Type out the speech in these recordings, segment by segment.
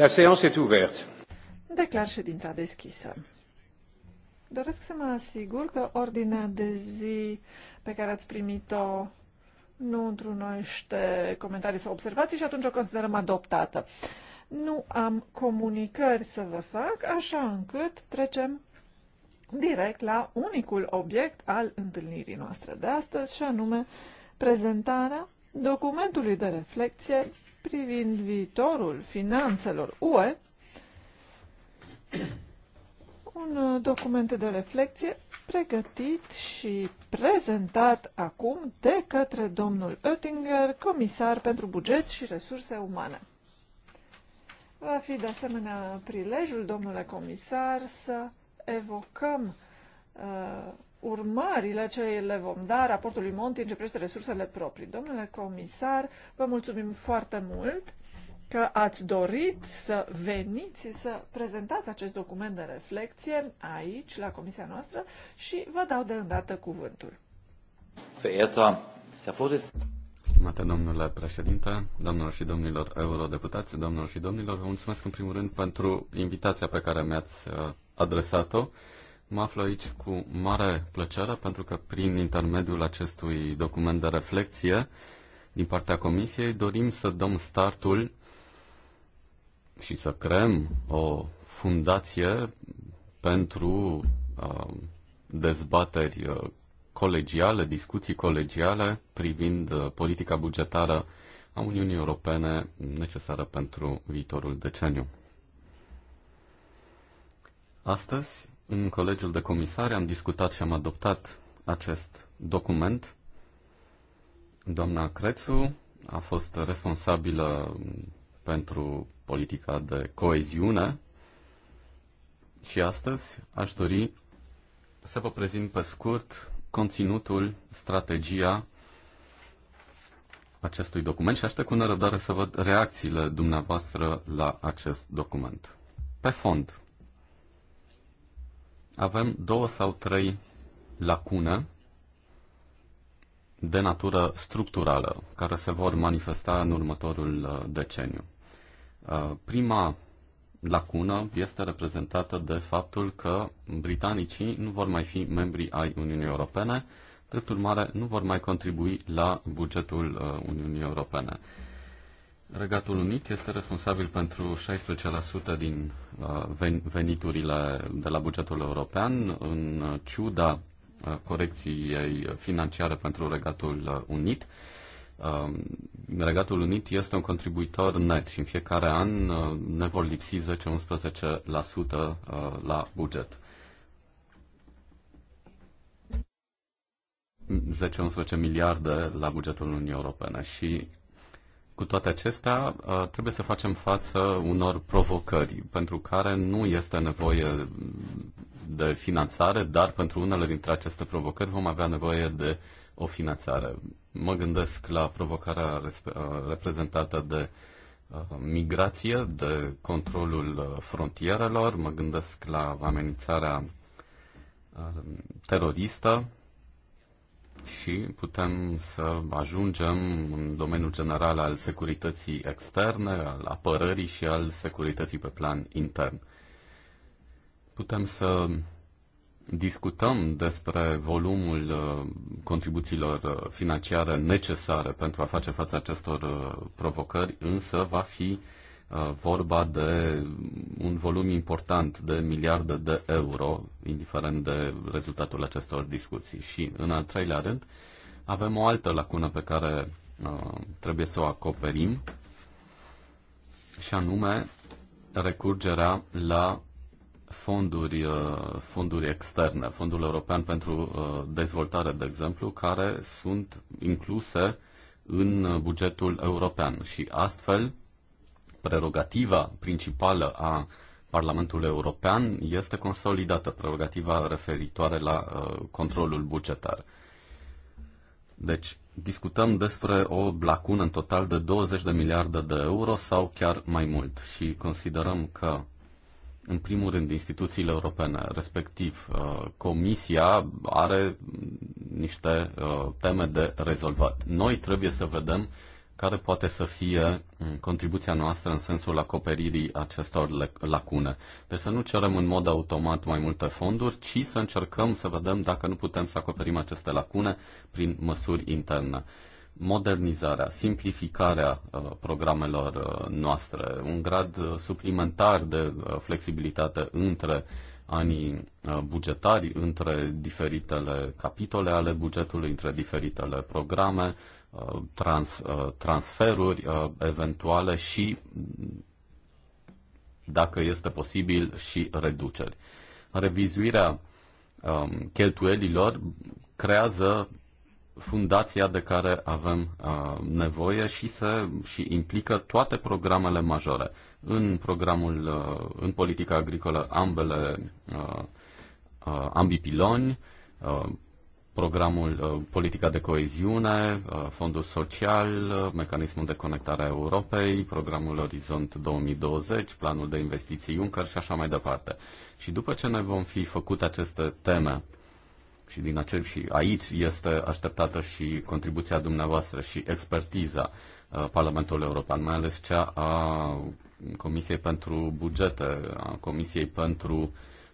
La séance est ouverte. Declar ședința deschisă. Doresc să mă asigur că ordinea de zi pe care ați primit-o nu întrunește comentarii sau observații și atunci o considerăm adoptată. Nu am comunicări să vă fac, așa încât trecem direct la unicul obiect al întâlnirii noastre de astăzi, și anume prezentarea documentului de reflexie privind viitorul finanțelor UE, un document de reflexie pregătit și prezentat acum de către domnul Oettinger, comisar pentru buget și resurse umane. Va fi de asemenea prilejul, domnule comisar, să evocăm uh, urmările ce le vom da raportului Monti în ce privește resursele proprii. Domnule comisar, vă mulțumim foarte mult că ați dorit să veniți să prezentați acest document de reflexie aici, la comisia noastră, și vă dau de îndată cuvântul. S-a Stimate domnule președinte, domnilor și domnilor eurodeputați, domnilor și domnilor, vă mulțumesc în primul rând pentru invitația pe care mi-ați uh, adresat-o. Mă aflu aici cu mare plăcere pentru că prin intermediul acestui document de reflexie din partea Comisiei dorim să dăm startul și să creăm o fundație pentru uh, dezbateri uh, colegiale, discuții colegiale privind uh, politica bugetară a Uniunii Europene necesară pentru viitorul deceniu. Astăzi în Colegiul de Comisare am discutat și am adoptat acest document. Doamna Crețu a fost responsabilă pentru politica de coeziune și astăzi aș dori să vă prezint pe scurt conținutul, strategia acestui document și aștept cu nerăbdare să văd reacțiile dumneavoastră la acest document. Pe fond, avem două sau trei lacune de natură structurală care se vor manifesta în următorul uh, deceniu. Uh, prima lacună este reprezentată de faptul că britanicii nu vor mai fi membri ai Uniunii Europene, drept urmare nu vor mai contribui la bugetul uh, Uniunii Europene. Regatul Unit este responsabil pentru 16% din uh, veniturile de la bugetul european, în ciuda uh, corecției financiare pentru Regatul Unit. Um, Regatul Unit este un contribuitor net și în fiecare an uh, ne vor lipsi 10-11% la buget. 10-11 miliarde la bugetul Uniunii Europene și cu toate acestea, uh, trebuie să facem față unor provocări pentru care nu este nevoie de finanțare, dar pentru unele dintre aceste provocări vom avea nevoie de o finanțare. Mă gândesc la provocarea uh, reprezentată de uh, migrație, de controlul frontierelor, mă gândesc la amenințarea teroristă și putem să ajungem în domeniul general al securității externe, al apărării și al securității pe plan intern. Putem să discutăm despre volumul uh, contribuțiilor uh, financiare necesare pentru a face față acestor uh, provocări, însă va fi Uh, vorba de un volum important de miliarde de euro, indiferent de rezultatul acestor discuții. Și, în al treilea rând, avem o altă lacună pe care uh, trebuie să o acoperim, și anume recurgerea la fonduri, uh, fonduri externe, Fondul European pentru Dezvoltare, de exemplu, care sunt incluse în bugetul european și astfel prerogativa principală a Parlamentul European este consolidată prerogativa referitoare la uh, controlul bugetar. Deci, discutăm despre o lacună în total de 20 de miliarde de euro sau chiar mai mult și considerăm că, în primul rând, instituțiile europene, respectiv uh, Comisia, are niște uh, teme de rezolvat. Noi trebuie să vedem uh, care poate să fie mm, contribuția noastră în sensul acoperirii acestor lacune. Deci să nu cerem în mod automat mai multe fonduri, ci să încercăm să vedem dacă nu putem să acoperim aceste lacune prin măsuri interne. Modernizarea, simplificarea uh, programelor uh, noastre, un grad uh, suplimentar de flexibilitate între anii bugetari, între diferitele capitole ale bugetului, între diferitele programe, trans, uh, transferuri uh, eventuale și, dacă este posibil, și reduceri. Revizuirea um, cheltuielilor creează fundația de care avem uh, nevoie și se și implică toate programele majore. În programul, uh, în politica agricolă, ambele uh, uh, ambii piloni, uh, programul, uh, politica de coeziune, uh, fondul social, uh, mecanismul de conectare a Europei, programul Orizont 2020, planul de investiții Juncker și așa mai departe. Și după ce ne vom fi făcut aceste teme și din acel și aici este așteptată și contribuția dumneavoastră și expertiza Parlamentului European, mai ales cea a Comisiei pentru Bugete, a Comisiei pentru uh,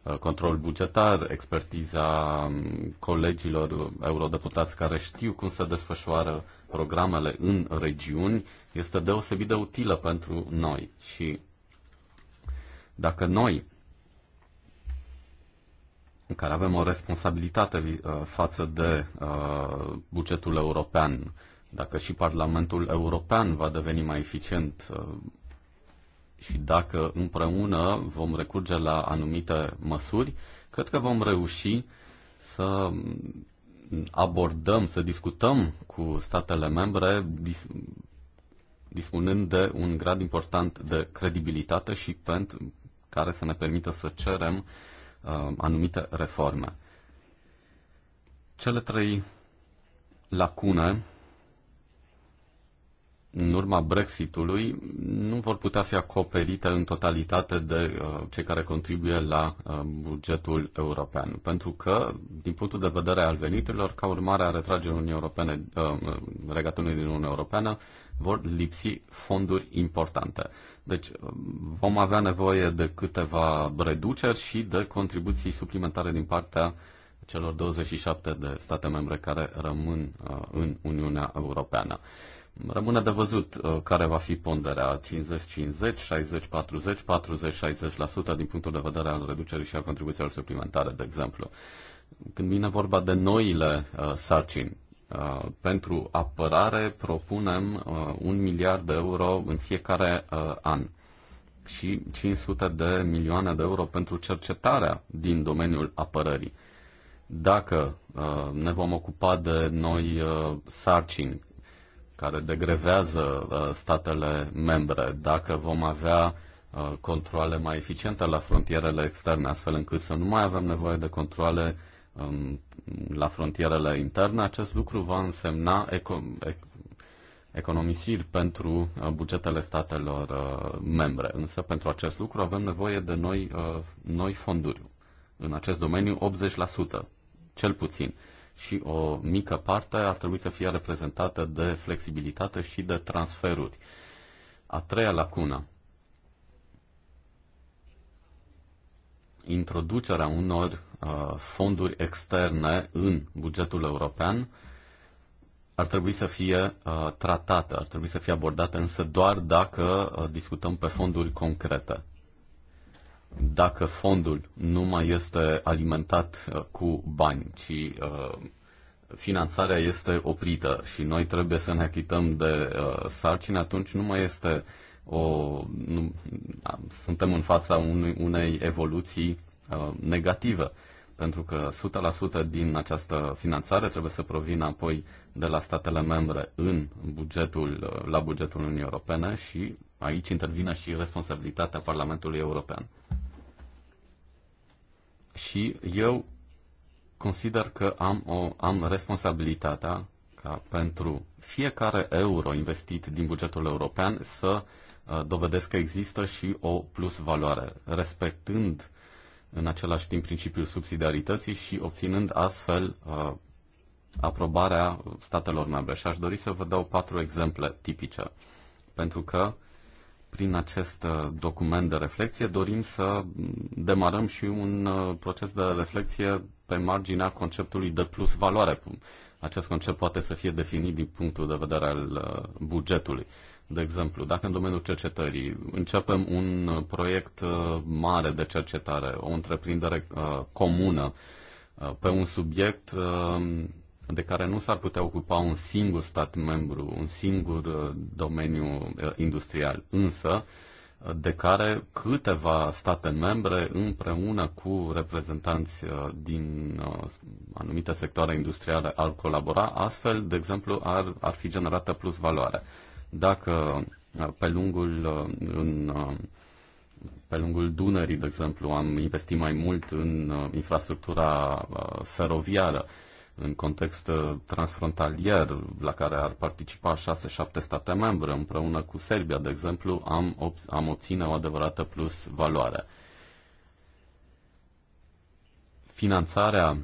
Uh, control bugetar, expertiza um, colegilor eurodeputați care știu cum se desfășoară programele în regiuni, este deosebit de utilă pentru noi. Și dacă noi, care avem o responsabilitate uh, față de uh, bugetul european, dacă și Parlamentul European va deveni mai eficient și dacă împreună vom recurge la anumite măsuri, cred că vom reuși să abordăm, să discutăm cu statele membre dis- dispunând de un grad important de credibilitate și pentru care să ne permită să cerem uh, anumite reforme. Cele trei lacune în urma Brexitului nu vor putea fi acoperite în totalitate de uh, cei care contribuie la uh, bugetul european. Pentru că, din punctul de vedere al veniturilor, ca urmare a retragerii Uniunii Europene, uh, uh regatului din Uniunea Europeană, vor lipsi fonduri importante. Deci uh, vom avea nevoie de câteva reduceri și de contribuții suplimentare din partea celor 27 de state membre care rămân uh, în Uniunea Europeană. Uh, Rămâne de văzut uh, care va fi ponderea 50-50, 60-40, 40-60% din punctul de vedere al reducerii și al contribuțiilor suplimentare, de exemplu. Când vine vorba de noile uh, sarcini, uh, pentru apărare propunem uh, un miliard de euro în fiecare uh, an și 500 de milioane de euro pentru cercetarea din domeniul apărării. Dacă uh, ne vom ocupa de noi uh, sarcini care degrevează uh, statele membre, dacă vom avea uh, controle mai eficiente la frontierele externe, astfel încât să nu mai avem nevoie de controle um, la frontierele interne, acest lucru va însemna eco- economisiri pentru uh, bugetele statelor membre. Însă pentru acest lucru avem nevoie de noi, noi fonduri. În acest domeniu 80%, cel puțin și o mică parte ar trebui să fie reprezentată de flexibilitate și de transferuri. A treia lacună. Introducerea unor uh, fonduri externe în bugetul european ar trebui să fie uh, tratată, ar trebui să fie abordată, însă doar dacă uh, discutăm pe fonduri concrete dacă fondul nu mai este alimentat uh, cu bani, ci uh, finanțarea este oprită și noi trebuie să ne achităm de uh, sarcini, atunci nu mai este o. Nu, suntem în fața unui, unei evoluții negative, pentru că 100% din această finanțare trebuie să provină apoi de la statele membre în bugetul, la bugetul Uniunii Europene și aici intervine și responsabilitatea Parlamentului European. Și eu consider că am, o, am responsabilitatea ca pentru fiecare euro investit din bugetul european să uh, dovedesc că există și o plus valoare, respectând în același timp principiul subsidiarității și obținând astfel uh, aprobarea statelor membre. Și aș dori să vă dau patru exemple tipice, pentru că prin acest uh, document de reflexie dorim să demarăm și un uh, proces de reflexie pe marginea conceptului de plus valoare. Acest concept poate să fie definit din punctul de vedere al uh, bugetului. De exemplu, dacă în domeniul cercetării începem un proiect mare de cercetare, o întreprindere comună pe un subiect, de care nu s-ar putea ocupa un singur stat membru, un singur uh, domeniu uh, industrial, însă uh, de care câteva state membre împreună cu reprezentanți din anumite sectoare industriale ar colabora, astfel, de exemplu, ar, ar fi generată plus valoare. Dacă pe lungul în pe lungul Dunării, de exemplu, am investit mai mult în infrastructura feroviară, în context uh, transfrontalier la care ar participa 6-7 state membre împreună cu Serbia, de exemplu, am, ob- am obține o adevărată plus valoare. Finanțarea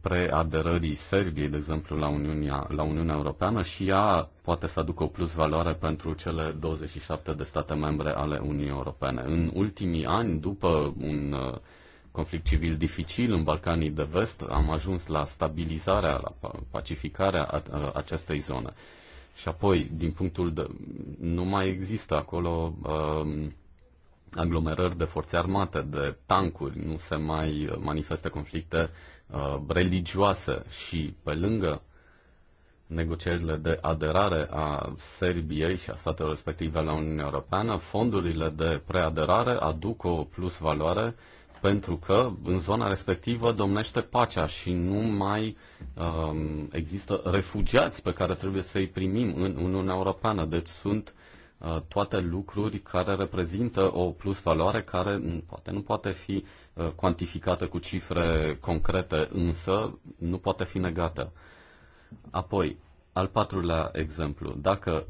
preaderării Serbiei, de exemplu, la Uniunea, la Uniunea Europeană și ea poate să aducă o plus valoare pentru cele 27 de state membre ale Uniunii Europene. În ultimii ani, după un uh, conflict civil dificil în Balcanii de Vest, am ajuns la stabilizarea, la pacificarea acestei zone. Și apoi, din punctul de... nu mai există acolo um, aglomerări de forțe armate, de tancuri, nu se mai manifestă conflicte uh, religioase și pe lângă negocierile de aderare a Serbiei și a statelor respective la Uniunea Europeană, fondurile de preaderare aduc o plus valoare uh, pentru că în zona respectivă domnește pacea și nu mai um, există refugiați pe care trebuie să-i primim în Uniunea Europeană. Deci sunt uh, toate lucruri care reprezintă o plus valoare care poate nu poate fi uh, cuantificată cu cifre concrete, însă nu poate fi negată. Apoi, al patrulea exemplu, dacă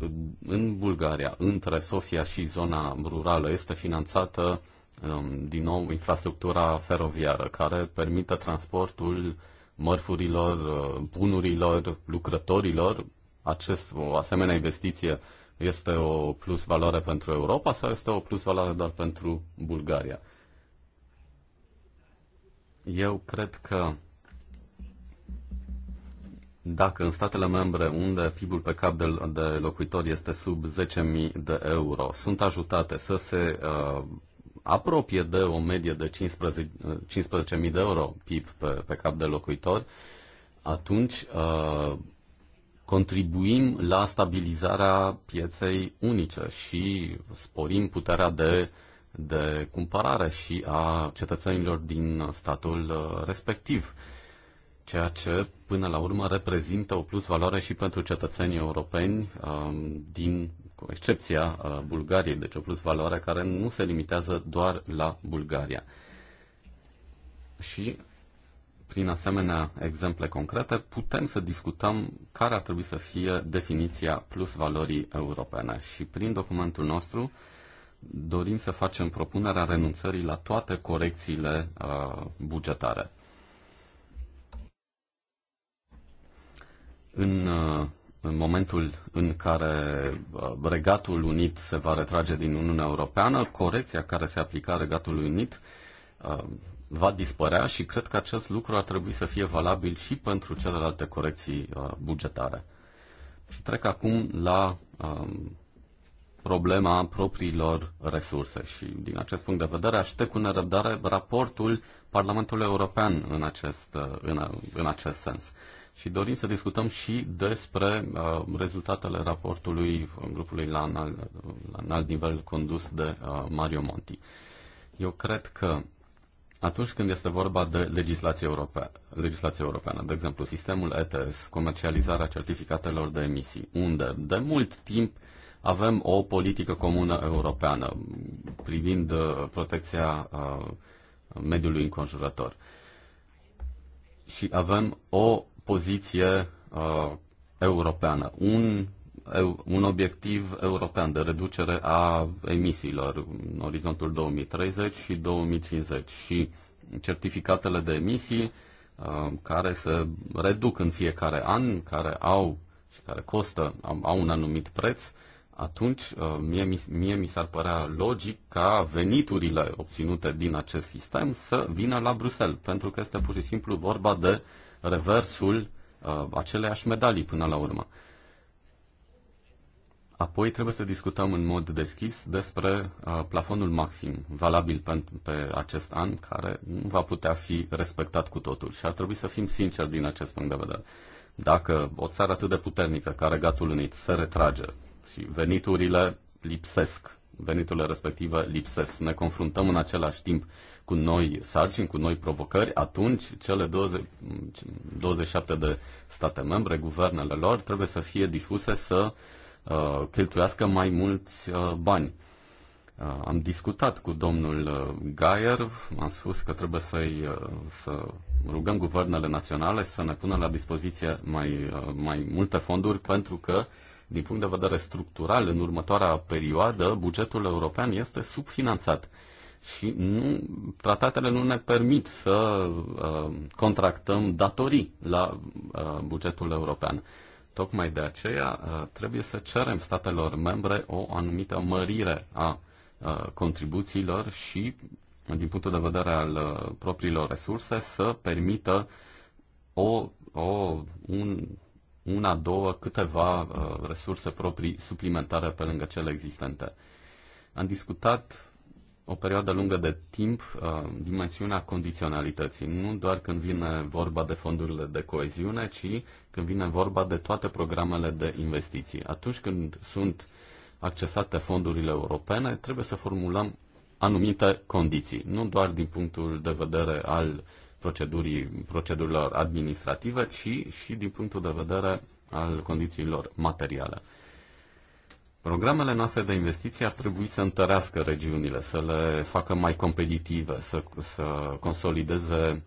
în Bulgaria, între Sofia și zona rurală, este finanțată Um, din nou infrastructura feroviară care permite transportul mărfurilor, uh, bunurilor, lucrătorilor. Acest, o asemenea investiție este o plus valoare pentru Europa sau este o plus valoare doar pentru Bulgaria? Eu cred că dacă în statele membre unde PIB-ul pe cap de, de locuitor este sub 10.000 de euro, sunt ajutate să se uh, apropie de o medie de 15.000 15 eh, de euro PIB pe, pe cap de locuitor, atunci uh, contribuim la stabilizarea pieței unice și sporim puterea de, de cumpărare și a cetățenilor din statul eh, respectiv, ceea ce până la urmă reprezintă o plus valoare și pentru cetățenii europeni um, din cu excepția uh, Bulgariei, deci o plus valoare care nu se limitează doar la Bulgaria. Și prin asemenea exemple concrete, putem să discutăm care ar trebui să fie definiția plus valorii europene. Și prin documentul nostru dorim să facem propunerea renunțării la toate corecțiile uh, bugetare. În uh, în momentul în care uh, Regatul Unit se va retrage din Uniunea Europeană, corecția care se aplica Regatului Unit uh, va dispărea și cred că acest lucru ar trebui să fie valabil și pentru celelalte corecții uh, bugetare. Și trec acum la um, problema propriilor resurse și din acest punct de vedere aștept cu nerăbdare raportul Parlamentului European în acest, în, în acest sens și dorim să discutăm și despre uh, rezultatele raportului grupului la înalt, la înalt nivel condus de uh, Mario Monti. Eu cred că atunci când este vorba de legislație, europeană, legislație europeană, de exemplu sistemul ETS, comercializarea certificatelor de emisii, unde de mult timp avem o politică comună europeană privind uh, protecția uh, mediului înconjurător. Și avem o poziție uh, europeană, un, un obiectiv european de reducere a emisiilor în orizontul 2030 și 2050 și certificatele de emisii uh, care se reduc în fiecare an, care au și care costă, au, au un anumit preț, atunci uh, mie, mie mi s-ar părea logic ca veniturile obținute din acest sistem să vină la Bruxelles, pentru că este pur și simplu vorba de uh, reversul uh, aceleiași medalii până la urmă. Apoi trebuie să discutăm în mod deschis despre uh, plafonul maxim valabil pe, pe acest an, care nu va putea fi respectat cu totul. Și ar trebui să fim sinceri din acest punct de vedere. Dacă o țară atât de puternică ca Regatul Unit se retrage și veniturile lipsesc, veniturile respective lipsesc, ne confruntăm în același timp cu noi sarcini, cu noi provocări, atunci cele 20, 27 de state membre, guvernele lor, trebuie să fie dispuse să uh, cheltuiască mai mulți uh, bani. Uh, am discutat cu domnul uh, Gaier, am spus că trebuie să-i, uh, să rugăm guvernele naționale să ne pună la dispoziție mai, uh, mai multe fonduri pentru că din punct de vedere structural, în următoarea perioadă, bugetul european este subfinanțat și nu, tratatele nu ne permit să uh, contractăm datorii la uh, bugetul european. Tocmai de aceea uh, trebuie să cerem statelor membre o anumită mărire a uh, contribuțiilor și, din punctul de vedere al uh, propriilor resurse, să permită o, o, un, una, două, câteva uh, resurse proprii suplimentare pe lângă cele existente. Am discutat o perioadă lungă de timp uh, dimensiunea condiționalității, nu doar când vine vorba de fondurile de coeziune, ci când vine vorba de toate programele de investiții. Atunci când sunt accesate fondurile europene, trebuie să formulăm anumite condiții, nu doar din punctul de vedere al procedurii, procedurilor administrative, ci și din punctul de vedere al condițiilor materiale. Programele noastre de investiții ar trebui să întărească regiunile, să le facă mai competitive, să, să consolideze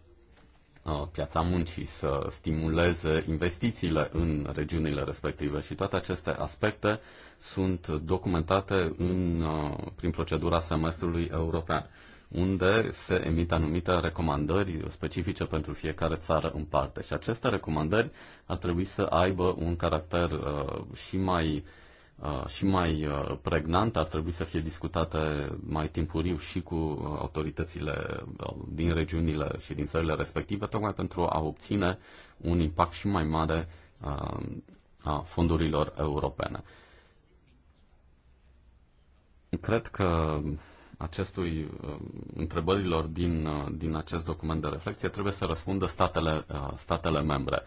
uh, piața muncii, să stimuleze investițiile în regiunile respective și toate aceste aspecte sunt documentate în, uh, prin procedura semestrului european, unde se emit anumite recomandări specifice pentru fiecare țară în parte. Și aceste recomandări ar trebui să aibă un caracter uh, și mai uh, și mai pregnant, ar trebui să fie discutate mai timpuriu și cu autoritățile din regiunile și din țările respective, tocmai pentru a obține un impact și mai mare a fondurilor europene. Cred că acestui întrebărilor din, din acest document de reflexie trebuie să răspundă statele, statele membre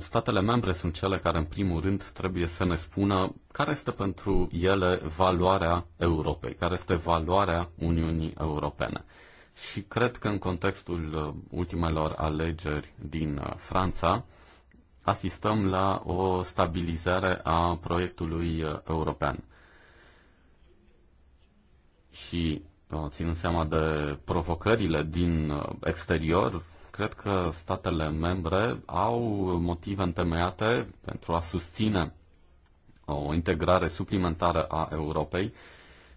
statele membre sunt cele care, în primul rând, trebuie să ne spună care este pentru ele valoarea Europei, care este valoarea Uniunii Europene. Și cred că în contextul uh, ultimelor alegeri din uh, Franța, asistăm la o stabilizare a proiectului uh, european. Și ținând seama de provocările din exterior, cred că statele membre au motive întemeiate pentru a susține o integrare suplimentară a Europei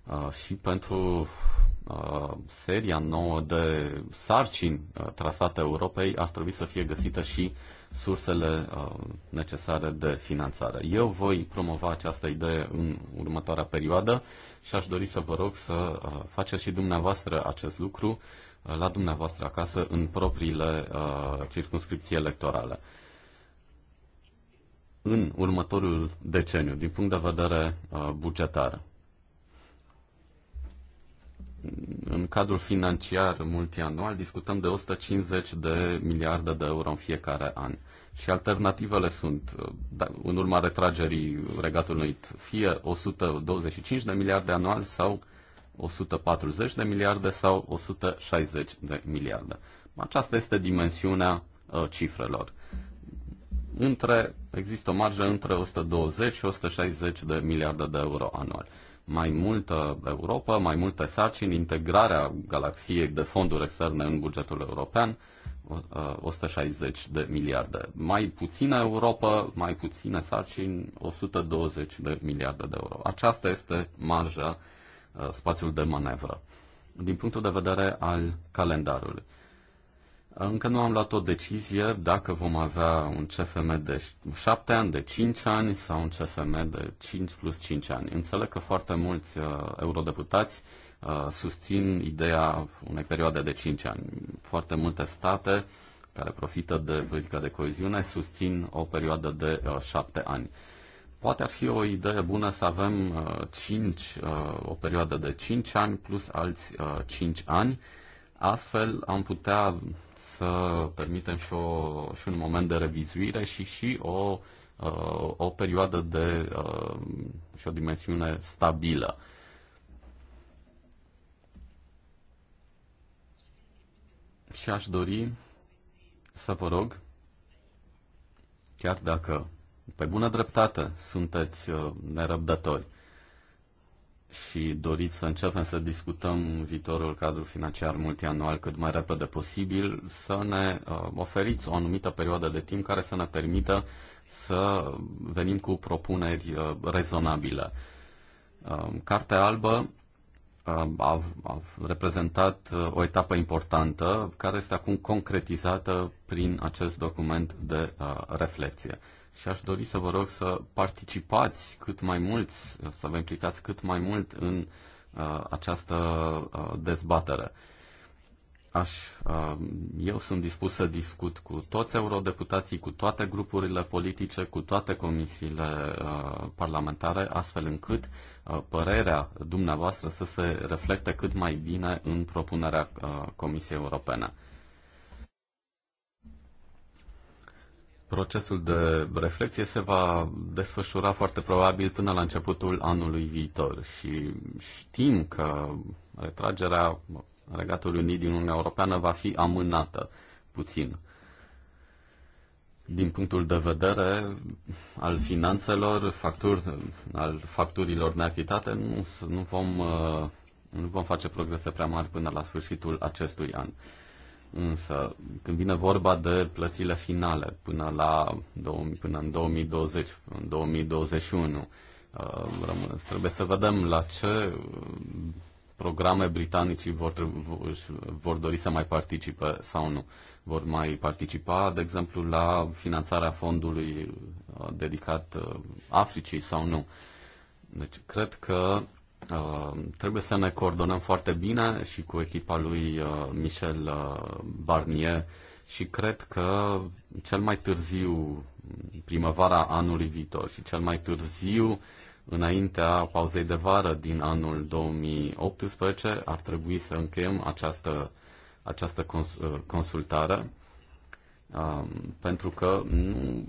uh, și pentru uh, seria nouă de sarcini uh, trasate Europei ar trebui să fie găsită și sursele necesare de finanțare. Eu voi promova această idee în următoarea perioadă și aș dori să vă rog să faceți și dumneavoastră acest lucru la dumneavoastră acasă în propriile uh, circunscripții electorale. În următorul deceniu, din punct de vedere uh, bugetar, în cadrul financiar multianual discutăm de 150 de miliarde de euro în fiecare an. Și alternativele sunt, uh, da, în urma retragerii Regatului fie 125 de miliarde anual sau 140 de miliarde sau 160 de miliarde. Aceasta este dimensiunea uh, cifrelor. Între, există o marjă între 120 și 160 de miliarde de euro anual. Mai multă Europa, mai multe sarcini, integrarea galaxiei de fonduri externe în bugetul european, 160 uh, de miliarde. Mai puțină Europa, mai puține sarcini, 120 de miliarde de euro. Aceasta este marja uh, Uh, spațiul de manevră. Din punctul de vedere al calendarului, încă nu am luat o decizie dacă vom avea un CFM de 7 ani, de 5 ani sau un CFM de 5 plus 5 ani. Înțeleg că foarte mulți uh, eurodeputați uh, susțin ideea unei perioade de 5 ani. Foarte multe state care profită de politica de coeziune susțin o perioadă de uh, 7 ani. Uh, Poate ar fi o idee bună să avem uh, 5, uh, o perioadă de 5 ani plus alți uh, 5 ani. Astfel am putea să permitem și, o, și un moment de revizuire și și o, uh, o perioadă de uh, și o dimensiune stabilă. Și aș dori să vă rog, chiar dacă pe bună dreptate sunteți uh, nerăbdători și doriți să începem să discutăm viitorul cadru financiar multianual cât mai repede posibil, să ne uh, oferiți o anumită perioadă de timp care să ne permită să venim cu propuneri uh, rezonabile. Cartea albă a, a reprezentat o etapă importantă care este acum concretizată prin acest document de reflexie și aș dori să vă rog să participați cât mai mulți, să vă implicați cât mai mult în uh, această uh, dezbatere. Aș, uh, eu sunt dispus să discut cu toți eurodeputații, cu toate grupurile politice, cu toate comisiile uh, parlamentare, astfel încât uh, părerea dumneavoastră să se reflecte cât mai bine în propunerea uh, Comisiei Europene. Procesul de reflexie se va desfășura foarte probabil până la începutul anului viitor și știm că retragerea Regatului unii din Uniunea Europeană va fi amânată puțin. Din punctul de vedere al finanțelor, facturi, al facturilor neachitate, nu, nu, vom, uh, nu vom face progrese prea mari până la sfârșitul acestui an. Însă, când vine vorba de plățile finale până, la, până în 2020, în 2021, uh, rămân, trebuie să vedem la ce uh, programe britanicii vor, vor dori să mai participe sau nu. Vor mai participa, de exemplu, la finanțarea fondului uh, dedicat Africii sau nu. Deci, cred că Uh, trebuie să ne coordonăm foarte bine și cu echipa lui uh, Michel uh, Barnier și cred că cel mai târziu, primăvara anului viitor și cel mai târziu, înaintea pauzei de vară din anul 2018, ar trebui să încheiem această, această cons- consultare Um, pentru că nu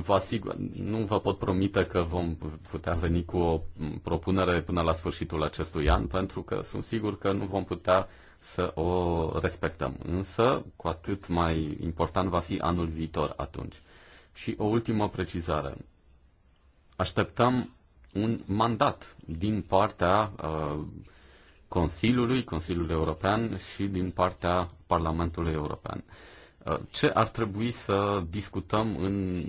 vă, asigur, nu vă pot promite că vom putea veni cu o propunere până la sfârșitul acestui an, pentru că sunt sigur că nu vom putea să o respectăm. Însă, cu atât mai important va fi anul viitor atunci. Și o ultimă precizare. Așteptăm un mandat din partea uh, Consiliului, Consiliului European și din partea Parlamentului European. Uh, ce ar trebui să discutăm în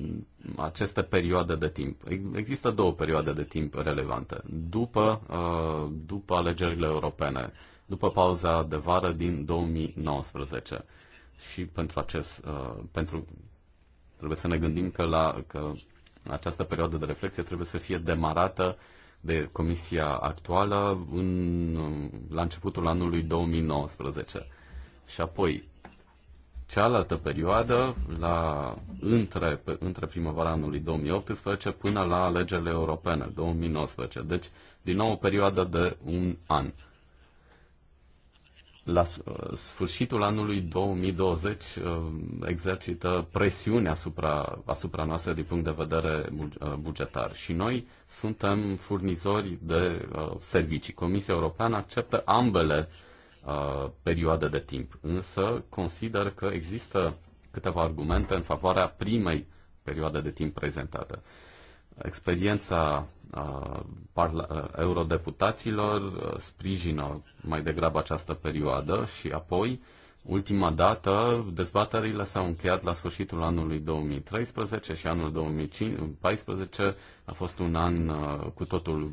aceste perioade de timp. Există două perioade de timp relevante. După, uh, după alegerile europene, după pauza de vară din 2019. Și pentru acest, uh, pentru, trebuie să ne gândim că, la, că această perioadă de reflexie trebuie să fie demarată de comisia actuală în, la începutul anului 2019. Și apoi, cealaltă perioadă, la, între, între primăvara anului 2018 până la alegerile europene, 2019. Deci, din nou, o perioadă de un an. La uh, sfârșitul anului 2020 uh, exercită presiune asupra, asupra noastră din punct de vedere uh, bugetar și noi suntem furnizori de servicii. Comisia Europeană acceptă ambele uh, Uh, perioadă de timp. Însă consider că există câteva argumente în favoarea primei perioade de timp prezentată. Experiența uh, uh, eurodeputaților uh, sprijină mai degrabă această perioadă și apoi Ultima dată, dezbaterile s-au încheiat la sfârșitul anului 2013 și anul 2014 a fost un an uh, cu totul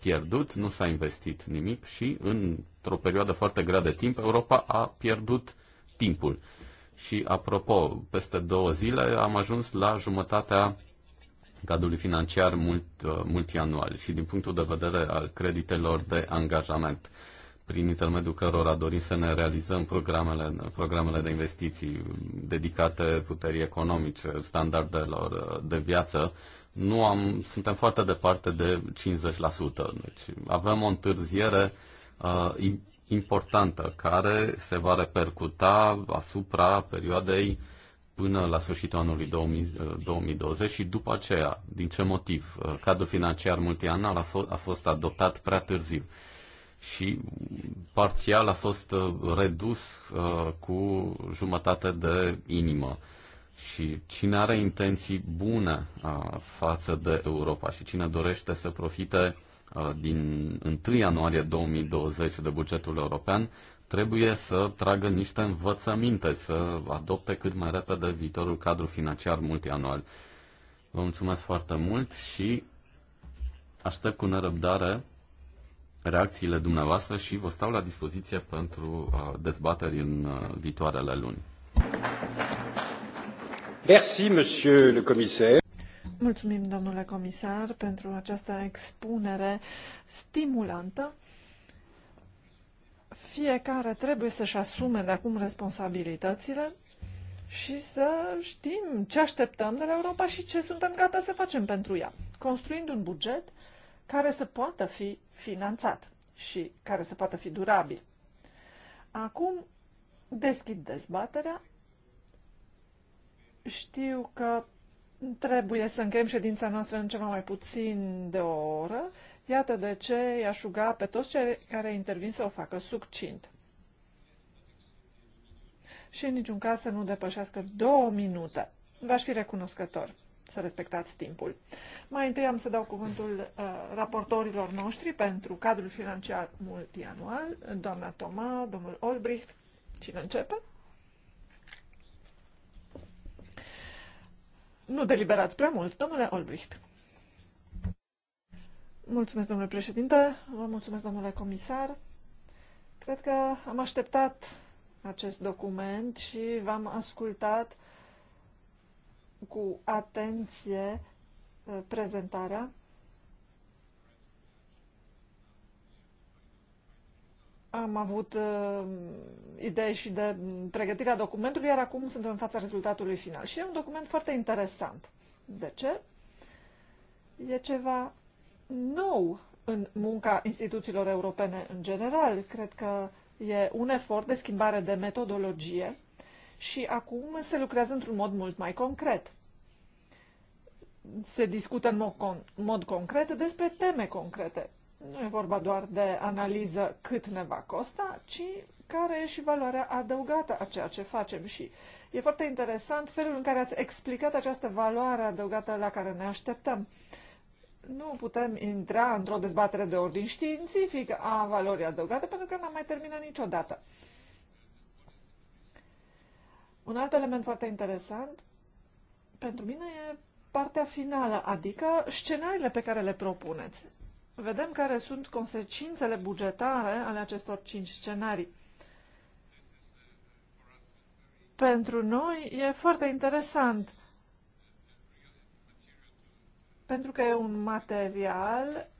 pierdut, nu s-a investit nimic și în într-o perioadă foarte grea de timp, Europa a pierdut timpul. Și, apropo, peste două zile am ajuns la jumătatea cadrului financiar mult, uh, multianual și din punctul de vedere al creditelor de angajament prin intermediul cărora dorim să ne realizăm programele, programele de investiții dedicate puterii economice, standardelor uh, de viață, nu am, suntem foarte departe de 50%. Deci avem o întârziere uh, Uh, importantă care se va repercuta asupra perioadei până la sfârșitul anului 2020 uh, și după aceea. Din ce motiv? Uh, cadrul financiar multianual a, fost, a fost adoptat prea târziu și parțial a fost redus uh, cu jumătate de inimă. Și cine are intenții bune uh, față de Europa și cine dorește să profite uh, Uh, din 1 ianuarie 2020 de bugetul european trebuie să tragă niște învățăminte, să adopte cât mai repede viitorul cadru financiar multianual. Vă mulțumesc foarte mult și aștept cu nerăbdare reacțiile dumneavoastră și vă stau la dispoziție pentru uh, dezbateri în uh, viitoarele luni. Merci, monsieur le commissaire. Mulțumim, domnule comisar, pentru această expunere stimulantă. Fiecare trebuie să-și asume de acum responsabilitățile și să știm ce așteptăm de la Europa și ce suntem gata să facem pentru ea, construind un buget care să poată fi finanțat și care să poată fi durabil. Acum deschid dezbaterea. Știu că Trebuie să încheiem ședința noastră în ceva mai puțin de o oră. Iată de ce i-aș ruga pe toți cei care intervin să o facă succint. Și în niciun caz să nu depășească două minute. V-aș fi recunoscător să respectați timpul. Mai întâi am să dau cuvântul uh, raportorilor noștri pentru cadrul financiar multianual, doamna Toma, domnul Olbricht. Cine începe? Nu deliberați prea mult, domnule Olbricht. Mulțumesc, domnule președinte, vă mulțumesc, domnule comisar. Cred că am așteptat acest document și v-am ascultat cu atenție eh, prezentarea Am avut uh, idei și de pregătirea documentului, iar acum suntem în fața rezultatului final. Și e un document foarte interesant. De ce? E ceva nou în munca instituțiilor europene în general. Cred că e un efort de schimbare de metodologie și acum se lucrează într-un mod mult mai concret. Se discută în mod, con- mod concret despre teme concrete nu e vorba doar de analiză cât ne va costa, ci care e și valoarea adăugată a ceea ce facem și e foarte interesant felul în care ați explicat această valoare adăugată la care ne așteptăm. Nu putem intra într-o dezbatere de ordin științific a valorii adăugate pentru că n-am mai terminat niciodată. Un alt element foarte interesant pentru mine e partea finală, adică scenariile pe care le propuneți vedem care sunt consecințele bugetare ale acestor cinci scenarii. Pentru noi e foarte interesant, pentru că e un material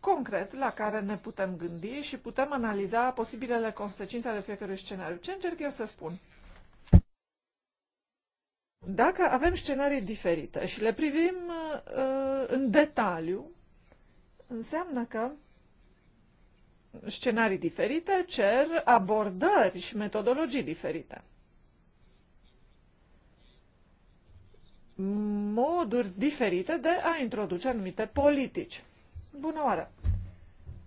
concret la care ne putem gândi și putem analiza posibilele consecințe ale fiecărui scenariu. Ce încerc eu să spun? Dacă avem scenarii diferite și le privim uh, în detaliu, Înseamnă că scenarii diferite cer abordări și metodologii diferite. Moduri diferite de a introduce anumite politici. Bună oară!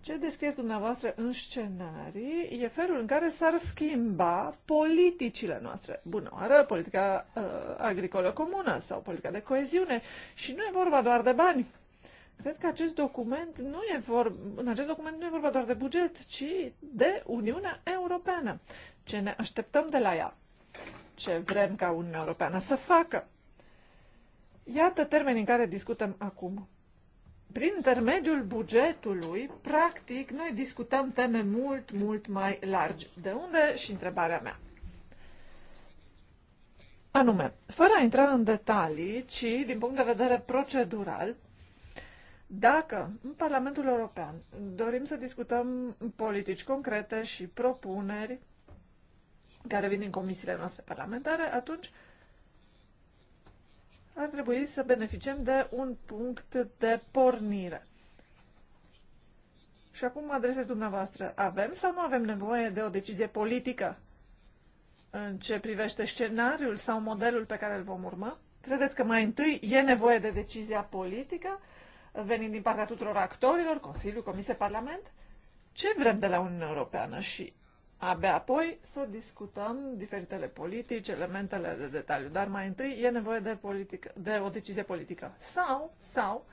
Ce descrieți dumneavoastră în scenarii e felul în care s-ar schimba politicile noastre. Bună oară, politica uh, agricolă comună sau politica de coeziune. Și nu e vorba doar de bani. Cred că acest document nu e vor... în acest document nu e vorba doar de buget, ci de Uniunea Europeană. Ce ne așteptăm de la ea? Ce vrem ca Uniunea Europeană să facă? Iată termenii în care discutăm acum. Prin intermediul bugetului, practic, noi discutăm teme mult, mult mai largi. De unde și întrebarea mea? Anume, fără a intra în detalii, ci din punct de vedere procedural, dacă în Parlamentul European dorim să discutăm politici concrete și propuneri care vin din comisiile noastre parlamentare, atunci ar trebui să beneficiem de un punct de pornire. Și acum mă adresez dumneavoastră. Avem sau nu avem nevoie de o decizie politică în ce privește scenariul sau modelul pe care îl vom urma? Credeți că mai întâi e nevoie de decizia politică venind din partea tuturor actorilor, Consiliu, Comisie, Parlament, ce vrem de la Uniunea Europeană și abia apoi să discutăm diferitele politici, elementele de detaliu. Dar mai întâi e nevoie de, politică, de o decizie politică. Sau, sau,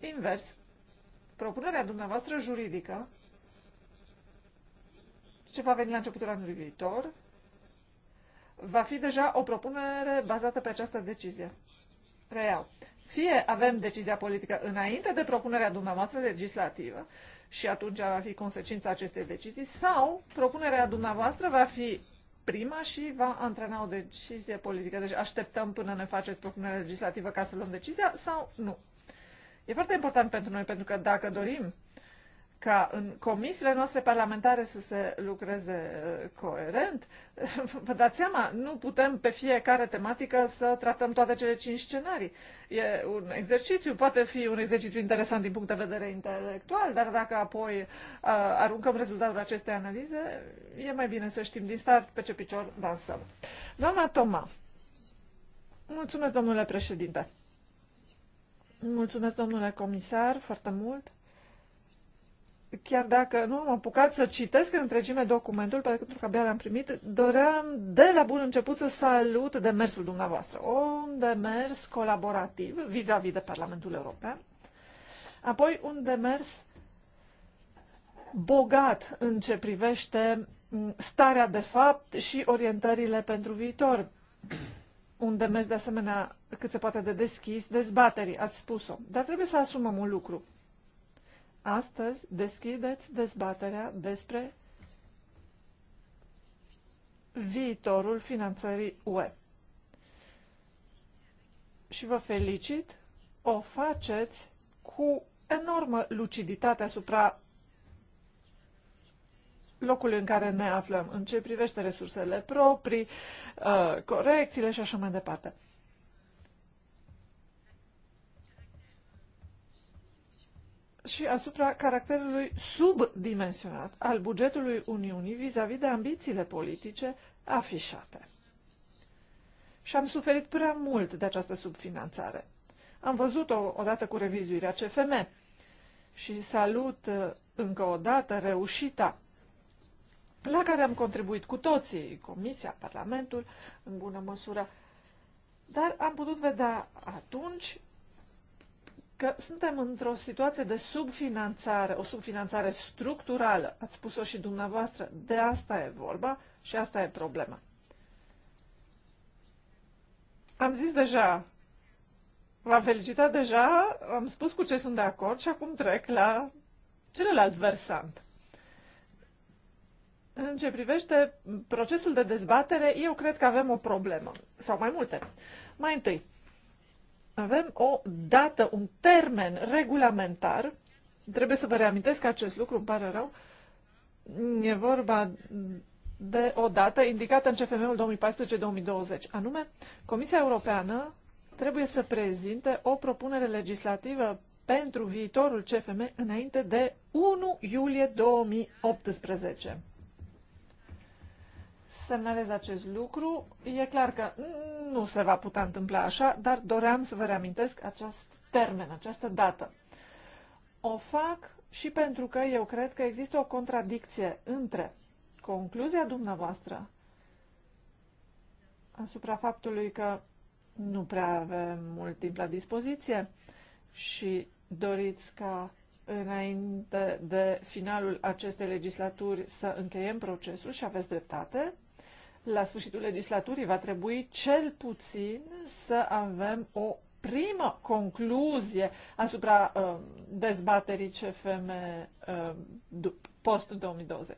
invers, propunerea dumneavoastră juridică, ce va veni la începutul anului viitor, va fi deja o propunere bazată pe această decizie. Reiau. Fie avem decizia politică înainte de propunerea dumneavoastră legislativă și atunci va fi consecința acestei decizii, sau propunerea dumneavoastră va fi prima și va antrena o decizie politică. Deci așteptăm până ne faceți propunerea legislativă ca să luăm decizia sau nu. E foarte important pentru noi, pentru că dacă dorim ca în comisiile noastre parlamentare să se lucreze uh, coerent. Vă dați seama, nu putem pe fiecare tematică să tratăm toate cele cinci scenarii. E un exercițiu, poate fi un exercițiu interesant din punct de vedere intelectual, dar dacă apoi uh, aruncăm rezultatul acestei analize, e mai bine să știm din start pe ce picior dansăm. Doamna Toma, mulțumesc domnule președinte. Mulțumesc domnule comisar foarte mult chiar dacă nu am apucat să citesc în întregime documentul, pentru că abia l-am primit, doream de la bun început să salut demersul dumneavoastră. Un demers colaborativ vis-a-vis -vis de Parlamentul European, apoi un demers bogat în ce privește mm, starea de fapt și orientările pentru viitor. Un demers de asemenea cât se poate de deschis dezbaterii, ați spus-o. Dar trebuie să asumăm un lucru Astăzi deschideți dezbaterea despre viitorul finanțării UE. Și vă felicit, o faceți cu enormă luciditate asupra locul în care ne aflăm, în ce privește resursele proprii, uh, corecțiile și așa mai departe. și asupra caracterului subdimensionat al bugetului Uniunii vis-a-vis -vis de ambițiile politice afișate. Și am suferit prea mult de această subfinanțare. Am văzut-o odată cu revizuirea CFM și salut uh, încă o dată reușita la care am contribuit cu toții, Comisia, Parlamentul, în bună măsură, dar am putut vedea atunci că suntem într-o situație de subfinanțare, o subfinanțare structurală, ați spus-o și dumneavoastră, de asta e vorba și asta e problema. Am zis deja, v-am felicitat deja, am spus cu ce sunt de acord și acum trec la celălalt versant. În ce privește procesul de dezbatere, eu cred că avem o problemă, sau mai multe. Mai întâi, avem o dată, un termen regulamentar. Trebuie să vă reamintesc acest lucru, îmi pare rău. E vorba de o dată indicată în CFM-ul 2014-2020, anume Comisia Europeană trebuie să prezinte o propunere legislativă pentru viitorul CFM înainte de 1 iulie 2018 semnalez acest lucru. E clar că nu se va putea întâmpla așa, dar doream să vă reamintesc acest termen, această dată. O fac și pentru că eu cred că există o contradicție între concluzia dumneavoastră asupra faptului că nu prea avem mult timp la dispoziție și doriți ca înainte de finalul acestei legislaturi să încheiem procesul și aveți dreptate, la sfârșitul legislaturii va trebui cel puțin să avem o primă concluzie asupra uh, dezbaterii CFM uh, post-2020.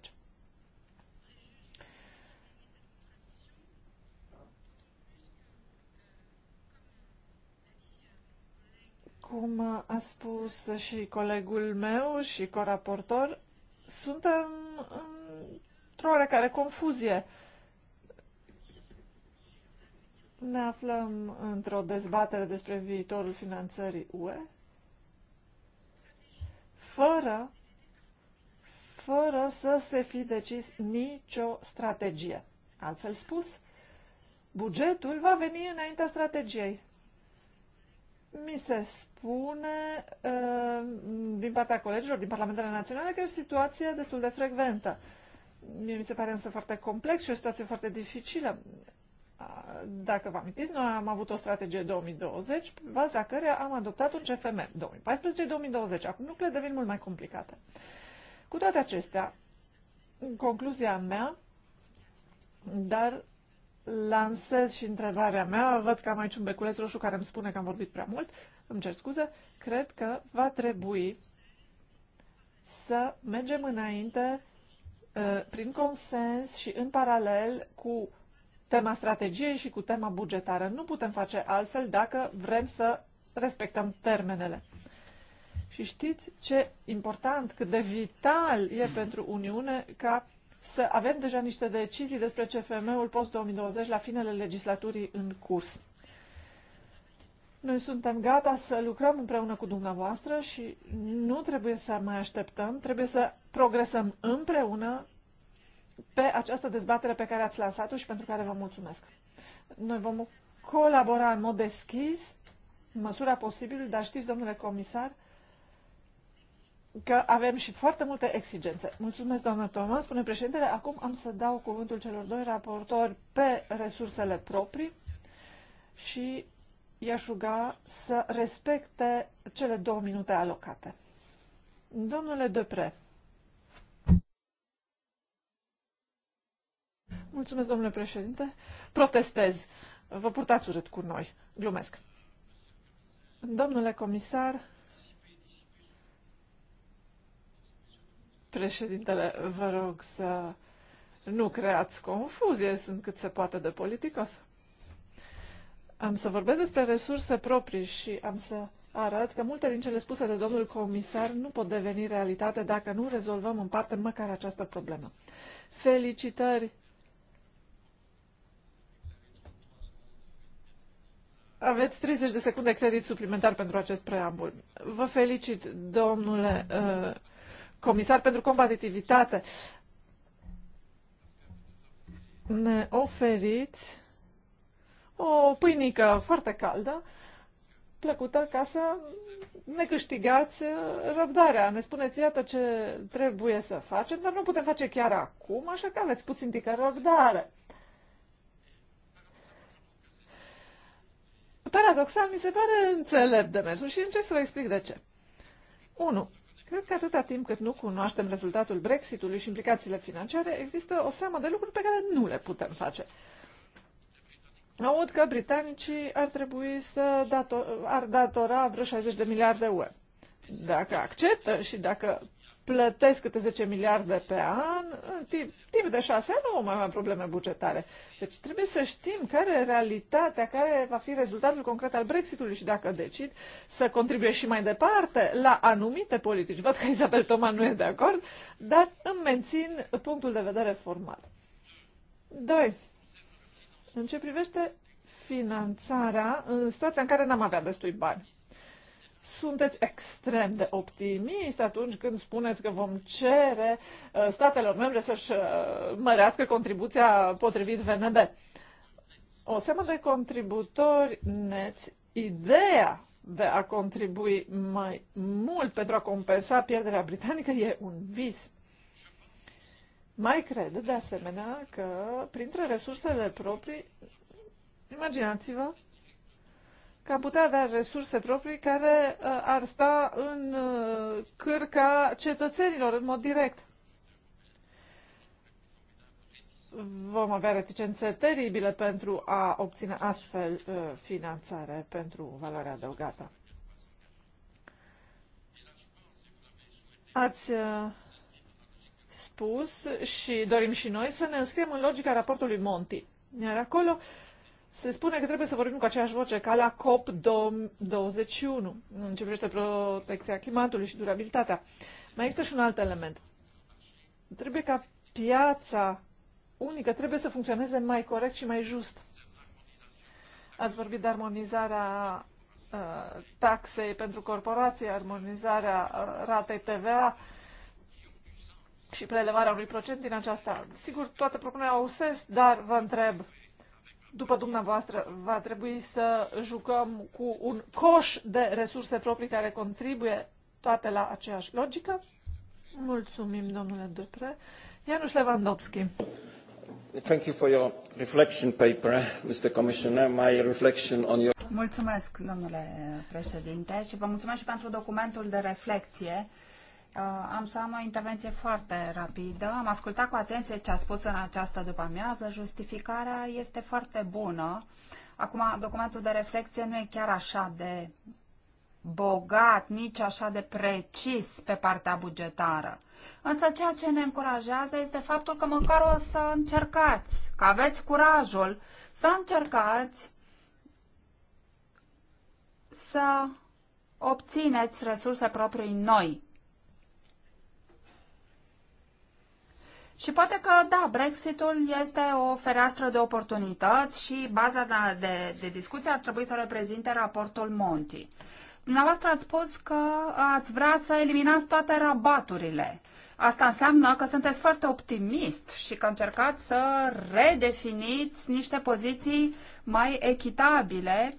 Cum a spus și colegul meu și coraportor, suntem într-o oarecare confuzie uh, ne aflăm într-o dezbatere despre viitorul finanțării UE, fără, fără să se fi decis nicio strategie. Altfel spus, bugetul va veni înaintea strategiei. Mi se spune uh, din partea colegilor din Parlamentele Naționale că e o situație destul de frecventă. Mie mi se pare însă foarte complex și o situație foarte dificilă dacă vă amintiți, noi am avut o strategie 2020, baza care am adoptat un CFM 2014-2020. Acum lucrurile devin mult mai complicate. Cu toate acestea, concluzia mea, dar lansez și întrebarea mea, văd că am aici un beculeț roșu care îmi spune că am vorbit prea mult, îmi cer scuze, cred că va trebui să mergem înainte uh, prin consens și în paralel cu tema strategiei și cu tema bugetară. Nu putem face altfel dacă vrem să respectăm termenele. Și știți ce important, cât de vital e pentru Uniune ca să avem deja niște decizii despre CFM-ul post-2020 la finele legislaturii în curs. Noi suntem gata să lucrăm împreună cu dumneavoastră și nu trebuie să mai așteptăm, trebuie să progresăm împreună pe această dezbatere pe care ați lansat-o și pentru care vă mulțumesc. Noi vom colabora în mod deschis, în măsura posibilă, dar știți, domnule comisar, că avem și foarte multe exigențe. Mulțumesc, doamnă Thomas. spune președintele. Acum am să dau cuvântul celor doi raportori pe resursele proprii și i-aș ruga să respecte cele două minute alocate. Domnule Depre, Mulțumesc, domnule președinte. Protestez. Vă purtați urât cu noi. Glumesc. Domnule comisar, președintele, vă rog să nu creați confuzie, sunt cât se poate de politicos. Am să vorbesc despre resurse proprii și am să arăt că multe din cele spuse de domnul comisar nu pot deveni realitate dacă nu rezolvăm în parte măcar această problemă. Felicitări Aveți 30 de secunde credit suplimentar pentru acest preambul. Vă felicit, domnule uh, comisar, pentru combativitate. Ne oferiți o pâinică foarte caldă, plăcută, ca să ne câștigați uh, răbdarea. Ne spuneți, iată ce trebuie să facem, dar nu putem face chiar acum, așa că aveți puțin tică răbdare. Paradoxal, mi se pare înțelept demersul și încerc să vă explic de ce. 1. Cred că atâta timp cât nu cunoaștem rezultatul Brexitului și implicațiile financiare, există o seamă de lucruri pe care nu le putem face. Aud că britanicii ar trebui să dator, ar datora vreo 60 de miliarde UE. Dacă acceptă și dacă plătesc câte 10 miliarde pe an, în timp, timp de șase ani nu vom mai avea probleme bugetare. Deci trebuie să știm care e realitatea, care va fi rezultatul concret al Brexitului și dacă decid să contribuie și mai departe la anumite politici. Văd că Isabel Toma nu e de acord, dar îmi mențin punctul de vedere formal. 2. În ce privește finanțarea, în situația în care n-am avea destui bani sunteți extrem de optimist atunci când spuneți că vom cere uh, statelor membre să-și uh, mărească contribuția potrivit VNB. O seamă de contributori neți, ideea de a contribui mai mult pentru a compensa pierderea britanică e un vis. Mai cred, de asemenea, că printre resursele proprii, imaginați-vă că am putea avea resurse proprii care uh, ar sta în uh, cârca cetățenilor în mod direct. Vom avea reticențe teribile pentru a obține astfel uh, finanțare pentru valoarea adăugată. Ați uh, spus și dorim și noi să ne înscriem în logica raportului Monti. Iar acolo uh, se spune că trebuie să vorbim cu aceeași voce ca la COP21 în ce privește protecția climatului și durabilitatea. Mai există și un alt element. Trebuie ca piața unică trebuie să funcționeze mai corect și mai just. Ați vorbit de armonizarea uh, taxei pentru corporații, armonizarea uh, ratei TVA și prelevarea unui procent din aceasta. Sigur, toate propunerea au sens, dar vă întreb, după dumneavoastră, va trebui să jucăm cu un coș de resurse proprii care contribuie toate la aceeași logică? Mulțumim, domnule Dupre. Janusz Lewandowski. Thank you for your reflection paper, Mr. Commissioner. My reflection on your... Mulțumesc, domnule președinte, și vă mulțumesc și pentru documentul de reflecție. Uh, am să am o intervenție foarte rapidă. Am ascultat cu atenție ce a spus în această după-amiază. Justificarea este foarte bună. Acum, documentul de reflexie nu e chiar așa de bogat, nici așa de precis pe partea bugetară. Însă ceea ce ne încurajează este faptul că măcar o să încercați, că aveți curajul să încercați să obțineți resurse proprii noi Și poate că, da, Brexitul este o fereastră de oportunități și baza de, de, de discuție ar trebui să reprezinte raportul Monti. Dumneavoastră ați spus că ați vrea să eliminați toate rabaturile. Asta înseamnă că sunteți foarte optimist și că încercați să redefiniți niște poziții mai echitabile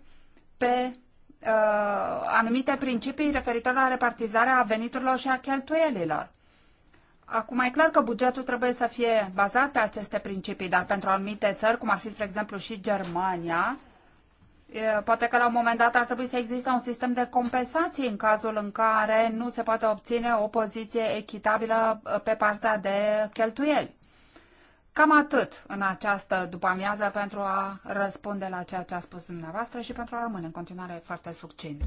pe uh, anumite principii referitor la repartizarea veniturilor și a cheltuielilor. Acum e clar că bugetul trebuie să fie bazat pe aceste principii, dar pentru anumite țări, cum ar fi, spre exemplu, și Germania, poate că la un moment dat ar trebui să existe un sistem de compensații în cazul în care nu se poate obține o poziție echitabilă pe partea de cheltuieli. Cam atât în această după-amiază pentru a răspunde la ceea ce a spus dumneavoastră și pentru a rămâne în continuare foarte succint.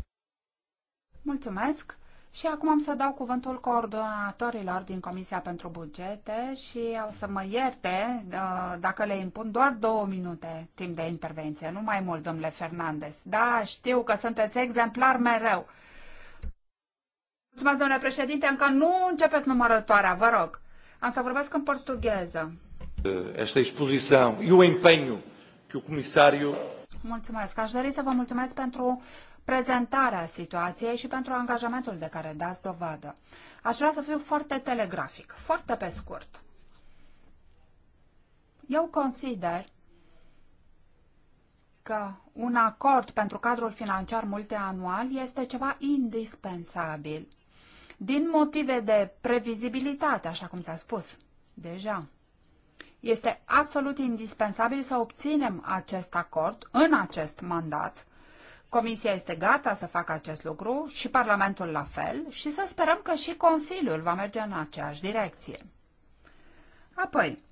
Mulțumesc! Și acum am să dau cuvântul coordonatorilor din Comisia pentru Bugete și o să mă ierte uh, dacă le impun doar două minute timp de intervenție, nu mai mult, domnule Fernandez. Da, știu că sunteți exemplar mereu. Mulțumesc, domnule președinte, încă nu începeți numărătoarea, vă rog. Am să vorbesc în portugheză. Esta exposição și o empenho que o Mulțumesc. Aș dori să vă mulțumesc pentru prezentarea situației și pentru angajamentul de care dați dovadă. Aș vrea să fiu foarte telegrafic, foarte pe scurt. Eu consider că un acord pentru cadrul financiar multianual este ceva indispensabil din motive de previzibilitate, așa cum s-a spus deja. Este absolut indispensabil să obținem acest acord în acest mandat Comisia este gata să facă acest lucru și Parlamentul la fel și să sperăm că și Consiliul va merge în aceeași direcție. Apoi,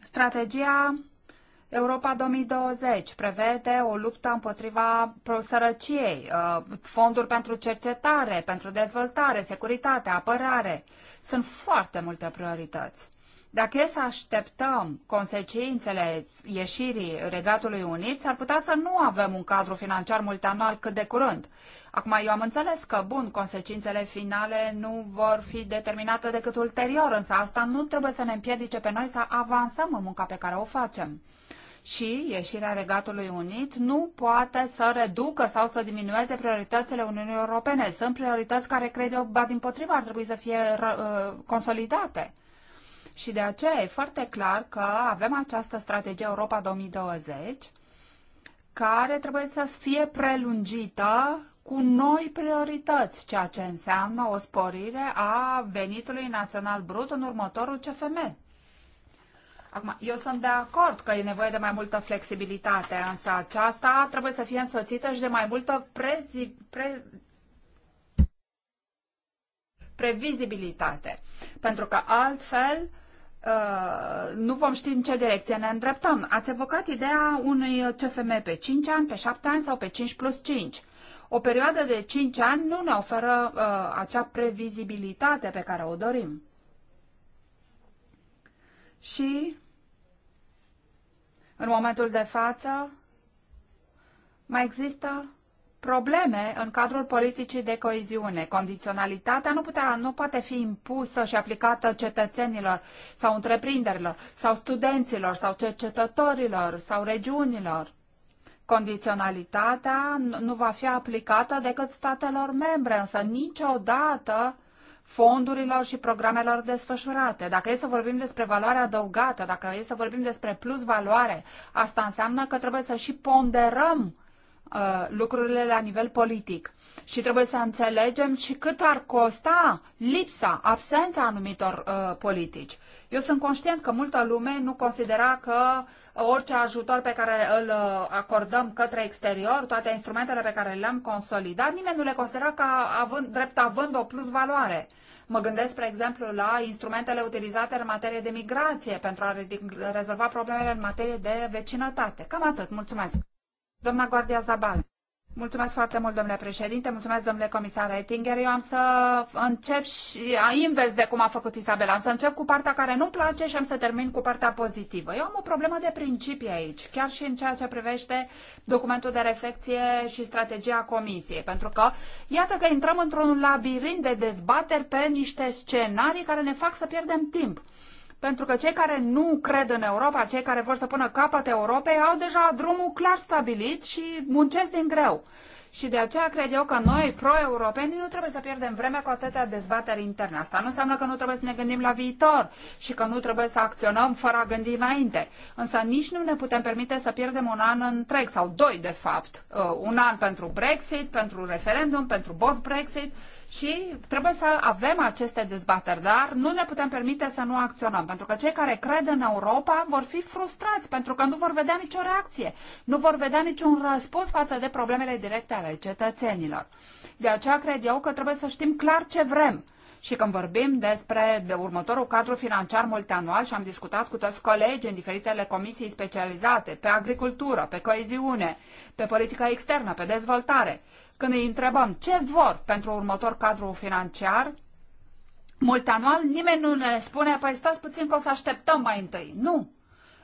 strategia Europa 2020 prevede o luptă împotriva prosărăciei, uh, fonduri pentru cercetare, pentru dezvoltare, securitate, apărare. Sunt foarte multe priorități. Dacă e să așteptăm consecințele ieșirii Regatului Unit, s-ar putea să nu avem un cadru financiar multianual cât de curând. Acum, eu am înțeles că, bun, consecințele finale nu vor fi determinate decât ulterior, însă asta nu trebuie să ne împiedice pe noi să avansăm în munca pe care o facem și ieșirea Regatului Unit nu poate să reducă sau să diminueze prioritățile Uniunii Europene. Sunt priorități care, cred eu, ba din potriva, ar trebui să fie uh, consolidate. Și de aceea e foarte clar că avem această strategie Europa 2020 care trebuie să fie prelungită cu noi priorități, ceea ce înseamnă o sporire a venitului național brut în următorul CFM. Acum, eu sunt de acord că e nevoie de mai multă flexibilitate, însă aceasta trebuie să fie însoțită și de mai multă prezi, pre, previzibilitate. Pentru că altfel Uh, nu vom ști în ce direcție ne îndreptăm. Ați evocat ideea unui CFM pe 5 ani, pe 7 ani sau pe 5 plus 5. O perioadă de 5 ani nu ne oferă uh, acea previzibilitate pe care o dorim. Și în momentul de față mai există probleme în cadrul politicii de coeziune. Condiționalitatea nu, putea, nu poate fi impusă și aplicată cetățenilor sau întreprinderilor sau studenților sau cercetătorilor sau regiunilor. Condiționalitatea nu va fi aplicată decât statelor membre, însă niciodată fondurilor și programelor desfășurate. Dacă e să vorbim despre valoare adăugată, dacă e să vorbim despre plus valoare, asta înseamnă că trebuie să și ponderăm Uh, lucrurile la nivel politic. Și trebuie să înțelegem și cât ar costa lipsa, absența anumitor uh, politici. Eu sunt conștient că multă lume nu considera că orice ajutor pe care îl uh, acordăm către exterior, toate instrumentele pe care le-am consolidat, nimeni nu le considera ca având, drept având o plus valoare. Mă gândesc, spre exemplu, la instrumentele utilizate în materie de migrație pentru a rezolva problemele în materie de vecinătate. Cam atât. Mulțumesc! Doamna Guardia Zabal. Mulțumesc foarte mult, domnule președinte, mulțumesc, domnule comisar Ettinger. Eu am să încep și invers de cum a făcut Isabela. Am să încep cu partea care nu-mi place și am să termin cu partea pozitivă. Eu am o problemă de principii aici, chiar și în ceea ce privește documentul de reflexie și strategia comisiei, pentru că iată că intrăm într-un labirint de dezbateri pe niște scenarii care ne fac să pierdem timp pentru că cei care nu cred în Europa, cei care vor să pună capăt Europei, au deja drumul clar stabilit și muncesc din greu. Și de aceea cred eu că noi, pro-europeni, nu trebuie să pierdem vremea cu atâtea dezbateri interne. Asta nu înseamnă că nu trebuie să ne gândim la viitor și că nu trebuie să acționăm fără a gândi înainte. Însă nici nu ne putem permite să pierdem un an întreg sau doi, de fapt. Uh, un an pentru Brexit, pentru referendum, pentru post-Brexit și trebuie să avem aceste dezbateri, dar nu ne putem permite să nu acționăm, pentru că cei care cred în Europa vor fi frustrați, pentru că nu vor vedea nicio reacție, nu vor vedea niciun răspuns față de problemele directe ale ale cetățenilor. De aceea cred eu că trebuie să știm clar ce vrem. Și când vorbim despre de următorul cadru financiar multianual și am discutat cu toți colegii în diferitele comisii specializate pe agricultură, pe coeziune, pe politică externă, pe dezvoltare, când îi întrebăm ce vor pentru următor cadru financiar multianual, nimeni nu ne spune, păi stați puțin că o să așteptăm mai întâi. Nu!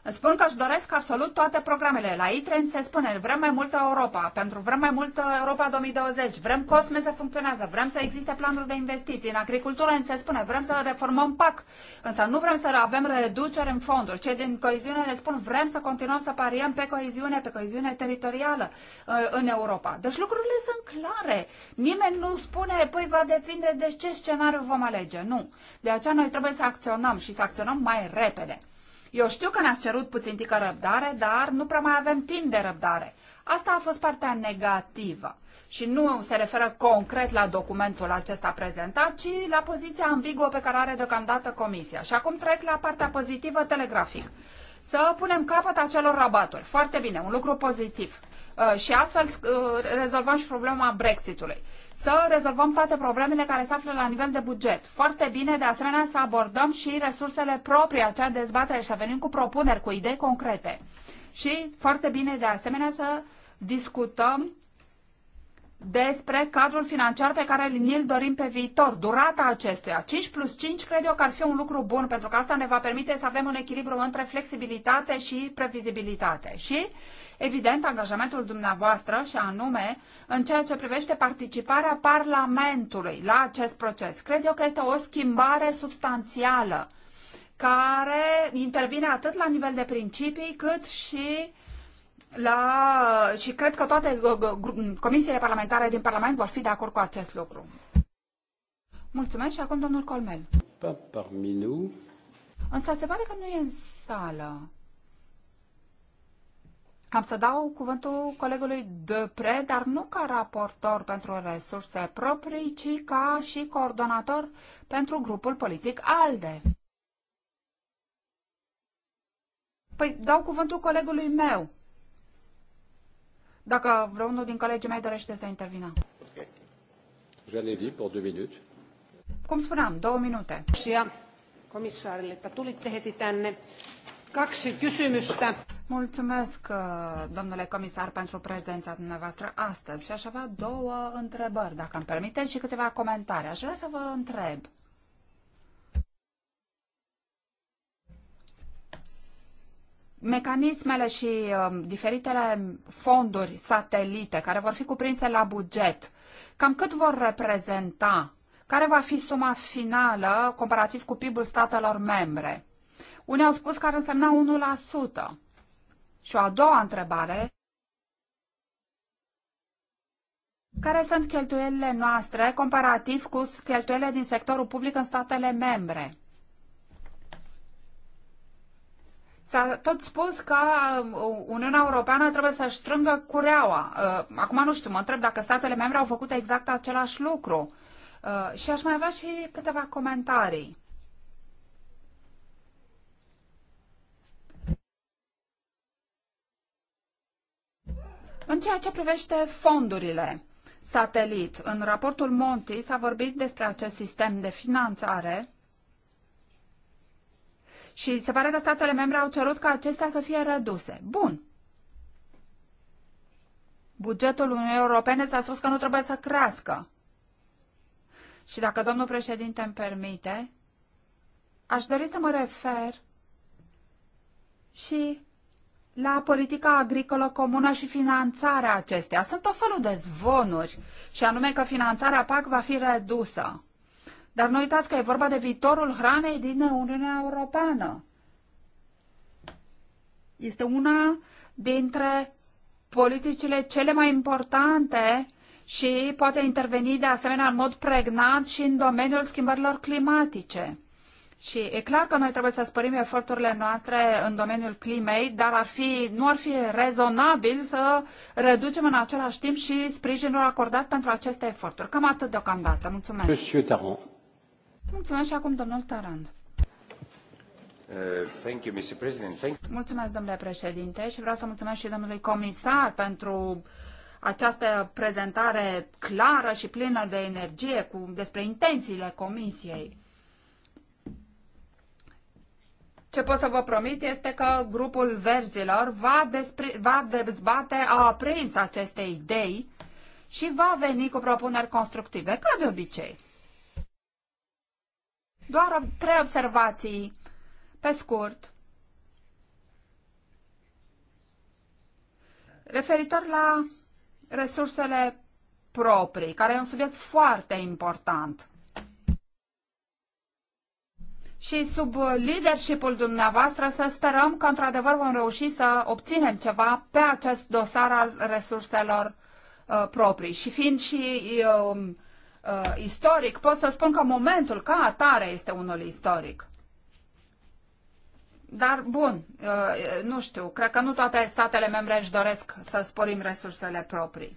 Îmi spun că își doresc absolut toate programele. La ITREN se spune, vrem mai multă Europa, pentru vrem mai multă Europa 2020, vrem COSME să funcționează, vrem să existe planuri de investiții. În agricultură se spune, vrem să reformăm PAC, însă nu vrem să avem reduceri în fonduri. Cei din coeziune le spun, vrem să continuăm să pariem pe coeziune, pe coeziune teritorială uh, în Europa. Deci lucrurile sunt clare. Nimeni nu spune, păi va depinde de ce scenariu vom alege. Nu. De aceea noi trebuie să acționăm și să acționăm mai repede. Eu știu că ne-ați cerut puțin tică răbdare, dar nu prea mai avem timp de răbdare. Asta a fost partea negativă și nu se referă concret la documentul acesta prezentat, ci la poziția ambiguă pe care are deocamdată Comisia. Și acum trec la partea pozitivă telegrafic. Să punem capăt acelor rabaturi. Foarte bine, un lucru pozitiv. Uh, și astfel uh, rezolvăm și problema Brexitului. Să rezolvăm toate problemele care se află la nivel de buget. Foarte bine, de asemenea, să abordăm și resursele proprii acea dezbatere și să venim cu propuneri, cu idei concrete. Și foarte bine, de asemenea, să discutăm despre cadrul financiar pe care ni-l dorim pe viitor, durata acestuia. 5 plus 5 cred eu că ar fi un lucru bun, pentru că asta ne va permite să avem un echilibru între flexibilitate și previzibilitate. Și evident, angajamentul dumneavoastră și anume în ceea ce privește participarea Parlamentului la acest proces. Cred eu că este o schimbare substanțială care intervine atât la nivel de principii cât și la, și cred că toate comisiile parlamentare din Parlament vor fi de acord cu acest lucru. Mulțumesc și acum domnul Colmel. Pa, parmi nous. Însă se pare că nu e în sală. Am să dau cuvântul colegului Depre, dar nu ca raportor pentru resurse proprii, ci ca și coordonator pentru grupul politic ALDE. Păi dau cuvântul colegului meu. Dacă vreunul din colegii mei dorește să intervină. Cum spuneam, două minute. Comisarele, tulitte heti tänne. Kaksi kysymystä. Mulțumesc, uh, domnule comisar, pentru prezența dumneavoastră astăzi și aș avea două întrebări, dacă îmi permiteți, și câteva comentarii. Aș vrea să vă întreb. mecanismele și uh, diferitele fonduri satelite care vor fi cuprinse la buget, cam cât vor reprezenta? Care va fi suma finală comparativ cu PIB-ul statelor membre? Unii au spus că ar însemna 1%. Și o a doua întrebare, care sunt cheltuielile noastre comparativ cu cheltuielile din sectorul public în statele membre? S-a tot spus că uh, Uniunea Europeană trebuie să-și strângă cureaua. Uh, acum nu știu, mă întreb dacă statele membre au făcut exact același lucru. Uh, și aș mai avea și câteva comentarii. În ceea ce privește fondurile satelit, în raportul Monti s-a vorbit despre acest sistem de finanțare și se pare că statele membre au cerut ca acestea să fie reduse. Bun. Bugetul Uniunii Europene s-a spus că nu trebuie să crească. Și dacă domnul președinte îmi permite, aș dori să mă refer și la politica agricolă comună și finanțarea acesteia. Sunt o felul de zvonuri, și anume că finanțarea PAC va fi redusă. Dar nu uitați că e vorba de viitorul hranei din Uniunea Europeană. Este una dintre politicile cele mai importante și poate interveni de asemenea în mod pregnant și în domeniul schimbărilor climatice. Și e clar că noi trebuie să spărim eforturile noastre în domeniul climei, dar ar fi, nu ar fi rezonabil să reducem în același timp și sprijinul acordat pentru aceste eforturi. Cam atât deocamdată. Mulțumesc. Monsieur Tarand. Mulțumesc și acum domnul Tarand. Uh, thank you, Mr. President. Thank you. Mulțumesc, domnule președinte, și vreau să mulțumesc și domnului comisar pentru această prezentare clară și plină de energie cu, despre intențiile comisiei. Ce pot să vă promit este că grupul verzilor va, despre, va dezbate, a aprins aceste idei și va veni cu propuneri constructive, ca de obicei. Doar trei observații, pe scurt, referitor la resursele proprii, care e un subiect foarte important și sub leadership-ul dumneavoastră să sperăm că într-adevăr vom reuși să obținem ceva pe acest dosar al resurselor uh, proprii. Și fiind și uh, uh, istoric, pot să spun că momentul ca atare este unul istoric. Dar, bun, uh, nu știu, cred că nu toate statele membre își doresc să sporim resursele proprii.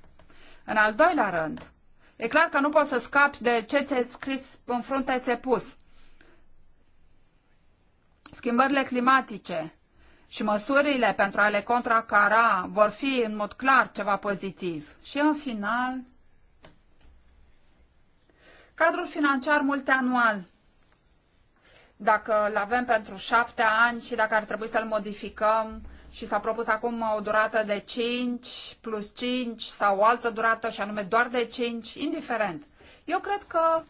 În al doilea rând, e clar că nu poți să scapi de ce ți-ai scris în frunte ți-ai pus schimbările climatice și măsurile pentru a le contracara vor fi în mod clar ceva pozitiv. Și în final, cadrul financiar multianual, dacă îl avem pentru șapte ani și dacă ar trebui să-l modificăm și s-a propus acum o durată de 5 plus 5 sau o altă durată și anume doar de 5, indiferent. Eu cred că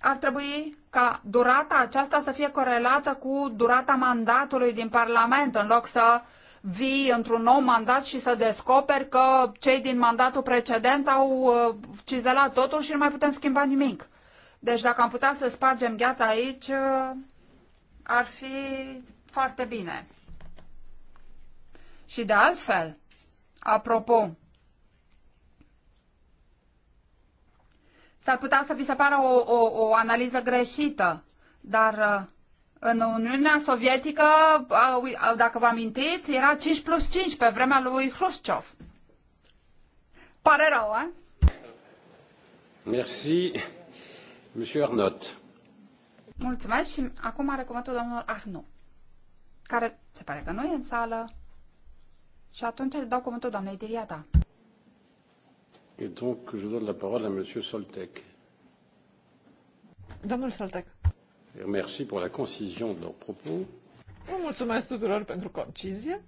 ar trebui ca durata aceasta să fie corelată cu durata mandatului din Parlament, în loc să vii într-un nou mandat și să descoperi că cei din mandatul precedent au uh, cizelat totul și nu mai putem schimba nimic. Deci dacă am putea să spargem gheața aici, uh, ar fi foarte bine. Și de altfel, apropo, S-ar putea să vi se pară o, o, o analiză greșită, dar uh, în Uniunea Sovietică, dacă vă amintiți, era 5 plus 5 pe vremea lui Hrușciov. Pare rău, eh? Merci, Monsieur Arnott. Mulțumesc și acum are cuvântul domnul Arnaud, care se pare că nu e în sală. Și atunci îl dau cuvântul doamnei Diriata. Domnule Soltec. Vă mulțumesc tuturor pentru concizie.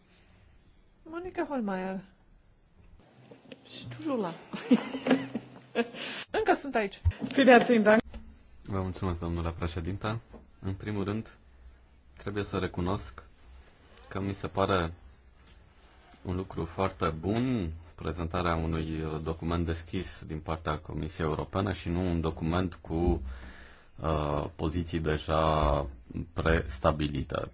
Monica Holmeier. Și toujours la. Încă sunt aici. Fideați-mi, da? Vă mulțumesc, domnule președinte. În primul rând, trebuie să recunosc că mi se pare un lucru foarte bun prezentarea unui uh, document deschis din partea Comisiei Europene și nu un document cu uh, poziții deja prestabilite.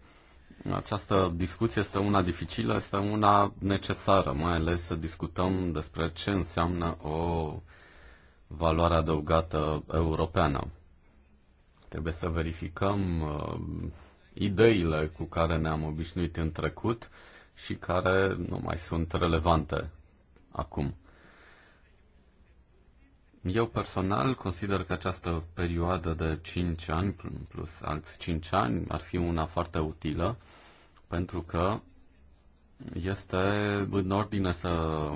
Această discuție este una dificilă, este una necesară, mai ales să discutăm despre ce înseamnă o valoare adăugată europeană. Trebuie să verificăm uh, ideile cu care ne-am obișnuit în trecut și care nu mai sunt relevante acum. Eu personal consider că această perioadă de 5 ani plus alți 5 ani ar fi una foarte utilă pentru că este în ordine să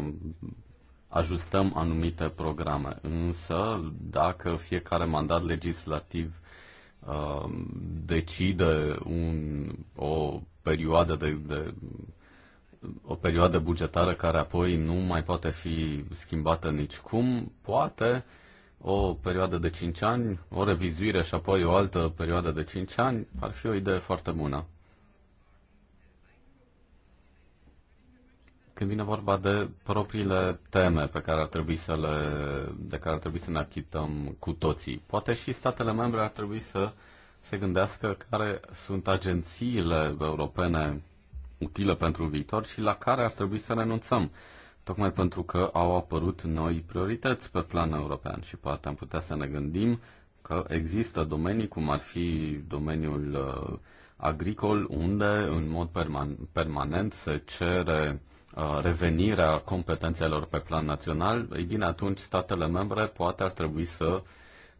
ajustăm anumite programe. Însă, dacă fiecare mandat legislativ uh, decide un, o perioadă de, de o perioadă bugetară care apoi nu mai poate fi schimbată nicicum, poate o perioadă de 5 ani, o revizuire și apoi o altă perioadă de 5 ani ar fi o idee foarte bună. Când vine vorba de propriile teme pe care ar trebui să le, de care ar trebui să ne achităm cu toții, poate și statele membre ar trebui să se gândească care sunt agențiile europene utilă pentru viitor și la care ar trebui să renunțăm, tocmai pentru că au apărut noi priorități pe plan european și poate am putea să ne gândim că există domenii cum ar fi domeniul uh, agricol unde în mod perman- permanent se cere uh, revenirea competențelor pe plan național, ei bine, atunci statele membre poate ar trebui să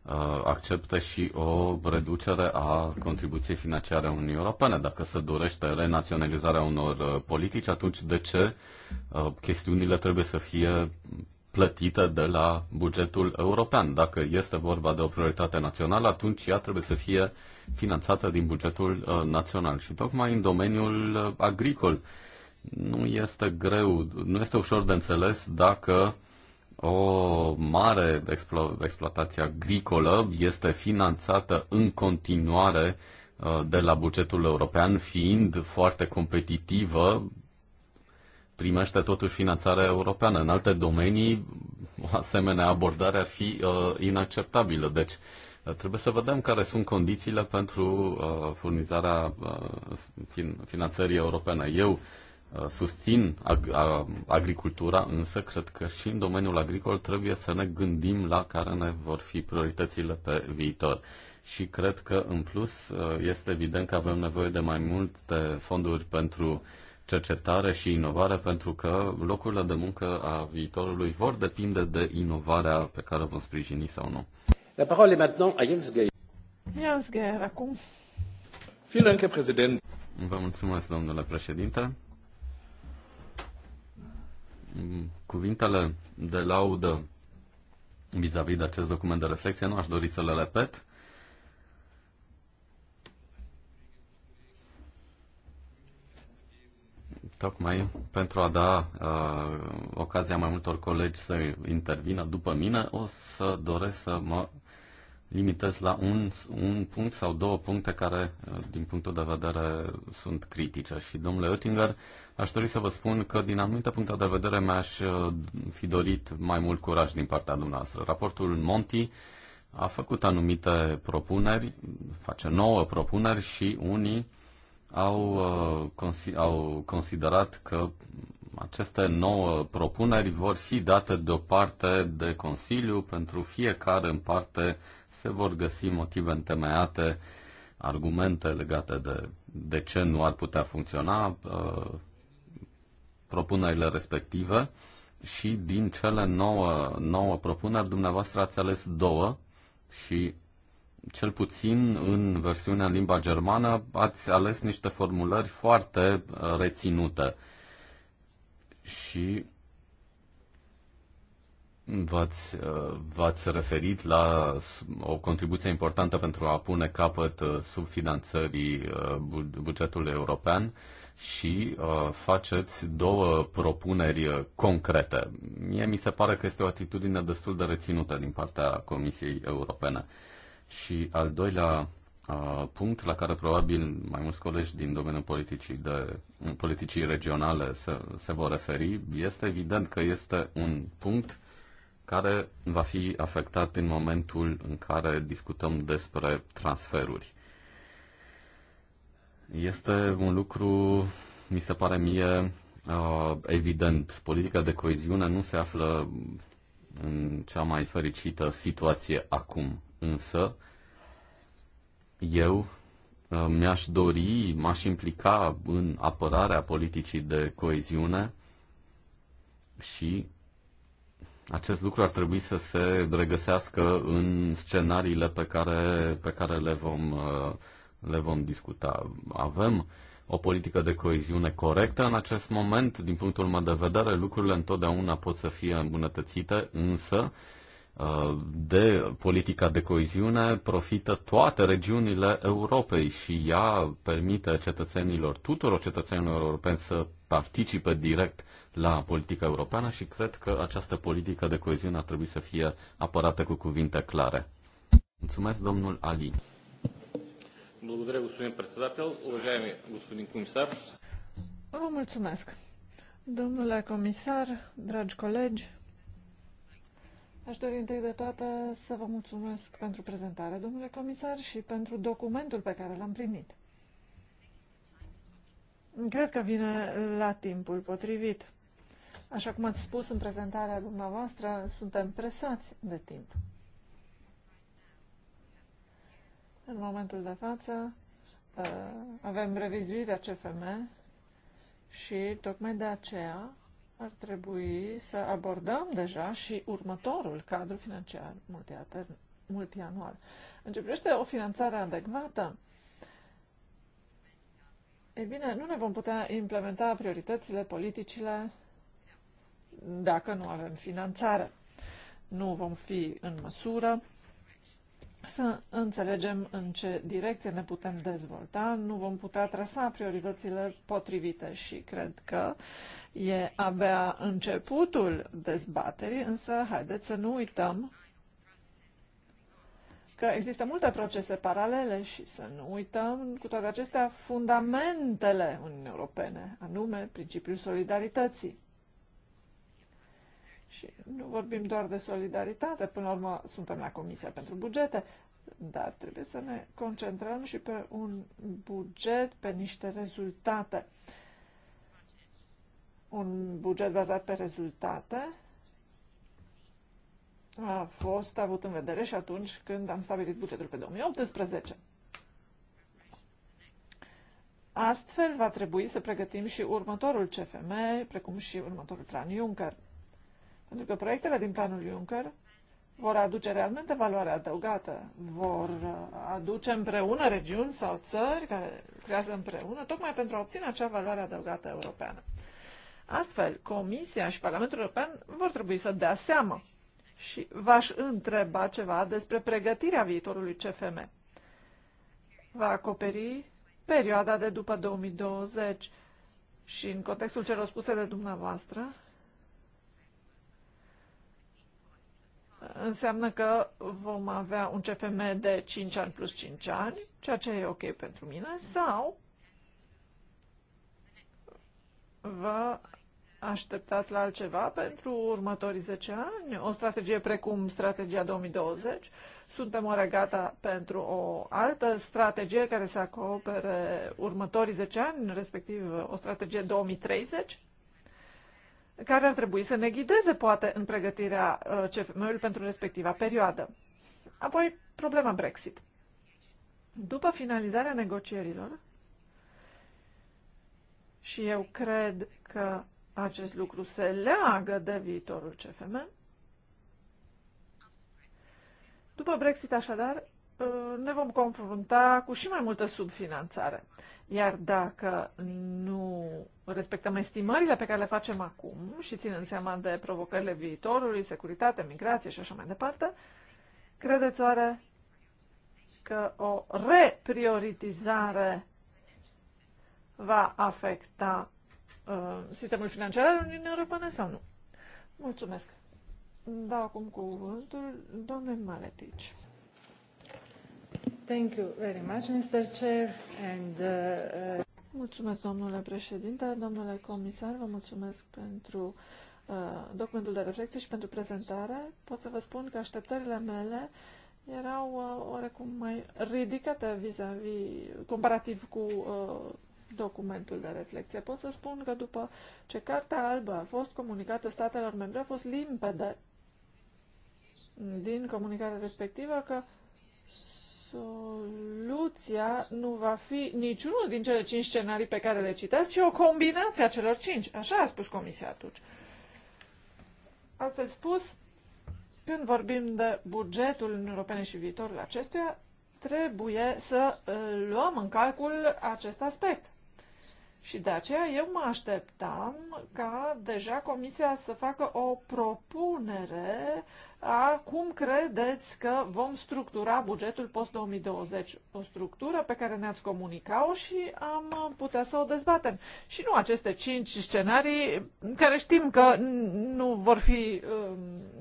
Uh, acceptă și o reducere a contribuției financiare a Uniunii Europene. Dacă se dorește renaționalizarea unor uh, politici, atunci de ce uh, chestiunile trebuie să fie plătită de la bugetul european. Dacă este vorba de o prioritate națională, atunci ea trebuie să fie finanțată din bugetul național. Și tocmai în domeniul agricol nu este greu, nu este ușor de înțeles dacă uh, o mare explo- exploatație agricolă este finanțată în continuare uh, de la bugetul european, fiind foarte competitivă, primește totuși finanțarea europeană. În alte domenii, o asemenea abordare ar fi uh, inacceptabilă. Deci, uh, trebuie să vedem care sunt condițiile pentru uh, furnizarea uh, fin- finanțării europene. Eu uh, Uh, susțin ag- a, agricultura, însă cred că și în domeniul agricol trebuie să ne gândim la care ne vor fi prioritățile pe viitor. Și cred că, în plus, uh, este evident că avem nevoie de mai multe fonduri pentru cercetare și inovare, pentru că locurile de muncă a viitorului vor depinde de inovarea pe care vom sprijini sau nu. La parole maintenant à Jens Jens acum. Vielen Dank, Herr Präsident. Vă mulțumesc, domnule președinte cuvintele de laudă vis-a-vis -vis de acest document de reflexie, nu aș dori să le repet. Tocmai pentru a da uh, ocazia mai multor colegi să intervină după mine, o să doresc să mă limitez la un, un punct sau două puncte care, uh, din punctul de vedere, sunt critice. Și, domnule Oettinger, aș dori să vă spun că, din anumite puncte de vedere, mi-aș uh, fi dorit mai mult curaj din partea dumneavoastră. Raportul Monti a făcut anumite propuneri, face nouă propuneri și unii au, uh, au considerat că aceste nouă propuneri vor fi date deoparte de Consiliu pentru fiecare în parte se vor găsi motive întemeiate, argumente legate de de ce nu ar putea funcționa uh, propunerile respective și din cele nouă, nouă propuneri, dumneavoastră ați ales două și cel puțin în versiunea în limba germană ați ales niște formulări foarte uh, reținute. Și V-ați, uh, v-ați referit la o contribuție importantă pentru a pune capăt uh, subfinanțării uh, bugetului european și faceți două propuneri concrete. Mie mi se pare că este o atitudine destul de reținută din partea Comisiei Europene. Și al doilea punct la care probabil mai mulți colegi din domeniul politicii, de, politicii regionale se, se vor referi, este evident că este un punct uh, care va fi afectat în momentul în care discutăm despre transferuri. Este un lucru, mi se pare mie, uh, evident. Politica de coeziune nu se află în cea mai fericită situație acum, însă eu uh, mi-aș dori, m-aș implica în apărarea politicii de coeziune și acest lucru ar trebui să se regăsească în scenariile pe care, pe care le, vom, uh, le vom discuta. Avem o politică de coeziune corectă în acest moment. Din punctul meu de vedere, lucrurile întotdeauna pot să fie îmbunătățite, însă de politica de coeziune profită toate regiunile Europei și ea permite cetățenilor, tuturor cetățenilor europeni să participe direct la politica europeană și cred că această politică de coeziune ar trebui să fie apărată cu cuvinte clare. Mulțumesc, domnul Ali. Vă mulțumesc. Domnule comisar, dragi colegi, Aș dori întâi de toate să vă mulțumesc pentru prezentare, domnule comisar, și pentru documentul pe care l-am primit. Cred că vine la timpul potrivit. Așa cum ați spus în prezentarea dumneavoastră, suntem presați de timp. În momentul de față uh, avem revizuirea CFM și tocmai de aceea ar trebui să abordăm deja și următorul cadru financiar multianual. În ce privește o finanțare adecvată, e bine, nu ne vom putea implementa prioritățile, politicile, dacă nu avem finanțare. Nu vom fi în măsură să înțelegem în ce direcție ne putem dezvolta, nu vom putea trasa prioritățile potrivite și cred că e abia începutul dezbaterii, însă haideți să nu uităm că există multe procese paralele și să nu uităm cu toate acestea fundamentele Uniunii Europene, anume principiul solidarității. Și nu vorbim doar de solidaritate, până la urmă suntem la Comisia pentru Bugete, dar trebuie să ne concentrăm și pe un buget, pe niște rezultate. Un buget bazat pe rezultate a fost avut în vedere și atunci când am stabilit bugetul pe 2018. Astfel va trebui să pregătim și următorul CFM, precum și următorul plan Juncker. Pentru că proiectele din planul Juncker vor aduce realmente valoare adăugată, vor uh, aduce împreună regiuni sau țări care creează împreună, tocmai pentru a obține acea valoare adăugată europeană. Astfel, Comisia și Parlamentul European vor trebui să dea seama și v-aș întreba ceva despre pregătirea viitorului CFM. Va acoperi perioada de după 2020 și în contextul celor spuse de dumneavoastră, înseamnă că vom avea un CFM de 5 ani plus 5 ani, ceea ce e ok pentru mine, sau vă așteptați la altceva pentru următorii 10 ani, o strategie precum strategia 2020. Suntem oare gata pentru o altă strategie care să acopere următorii 10 ani, respectiv o strategie 2030? care ar trebui să ne ghideze, poate, în pregătirea uh, CFM-ului pentru respectiva perioadă. Apoi, problema Brexit. După finalizarea negocierilor, și eu cred că acest lucru se leagă de viitorul CFM, după Brexit, așadar, Uh, ne vom confrunta cu și mai multă subfinanțare. Iar dacă nu respectăm estimările pe care le facem acum și ținem seama de provocările viitorului, securitate, migrație și așa mai departe, credeți oare că o reprioritizare va afecta uh, sistemul financiar al Uniunii Europene sau nu? Mulțumesc! Dau acum cuvântul domnului Maletici. Uh, uh, mulțumesc, domnule președinte, domnule comisar, vă mulțumesc pentru uh, documentul de reflecție și pentru prezentare. Pot să vă spun că așteptările mele erau uh, oarecum mai ridicate vis-a-vis, comparativ cu uh, documentul de reflecție. Pot să spun că după ce Cartea Albă a fost comunicată statelor membre, a fost limpede din comunicarea respectivă că soluția nu va fi niciunul din cele cinci scenarii pe care le citați, ci o combinație a celor cinci. Așa a spus Comisia atunci. Altfel spus, când vorbim de bugetul în Europene și viitorul acestuia, trebuie să uh, luăm în calcul acest aspect. Și de aceea eu mă așteptam ca deja Comisia să facă o propunere a cum credeți că vom structura bugetul post-2020? O structură pe care ne-ați comunicat-o și am putea să o dezbatem. Și nu aceste cinci scenarii care știm că nu, vor fi,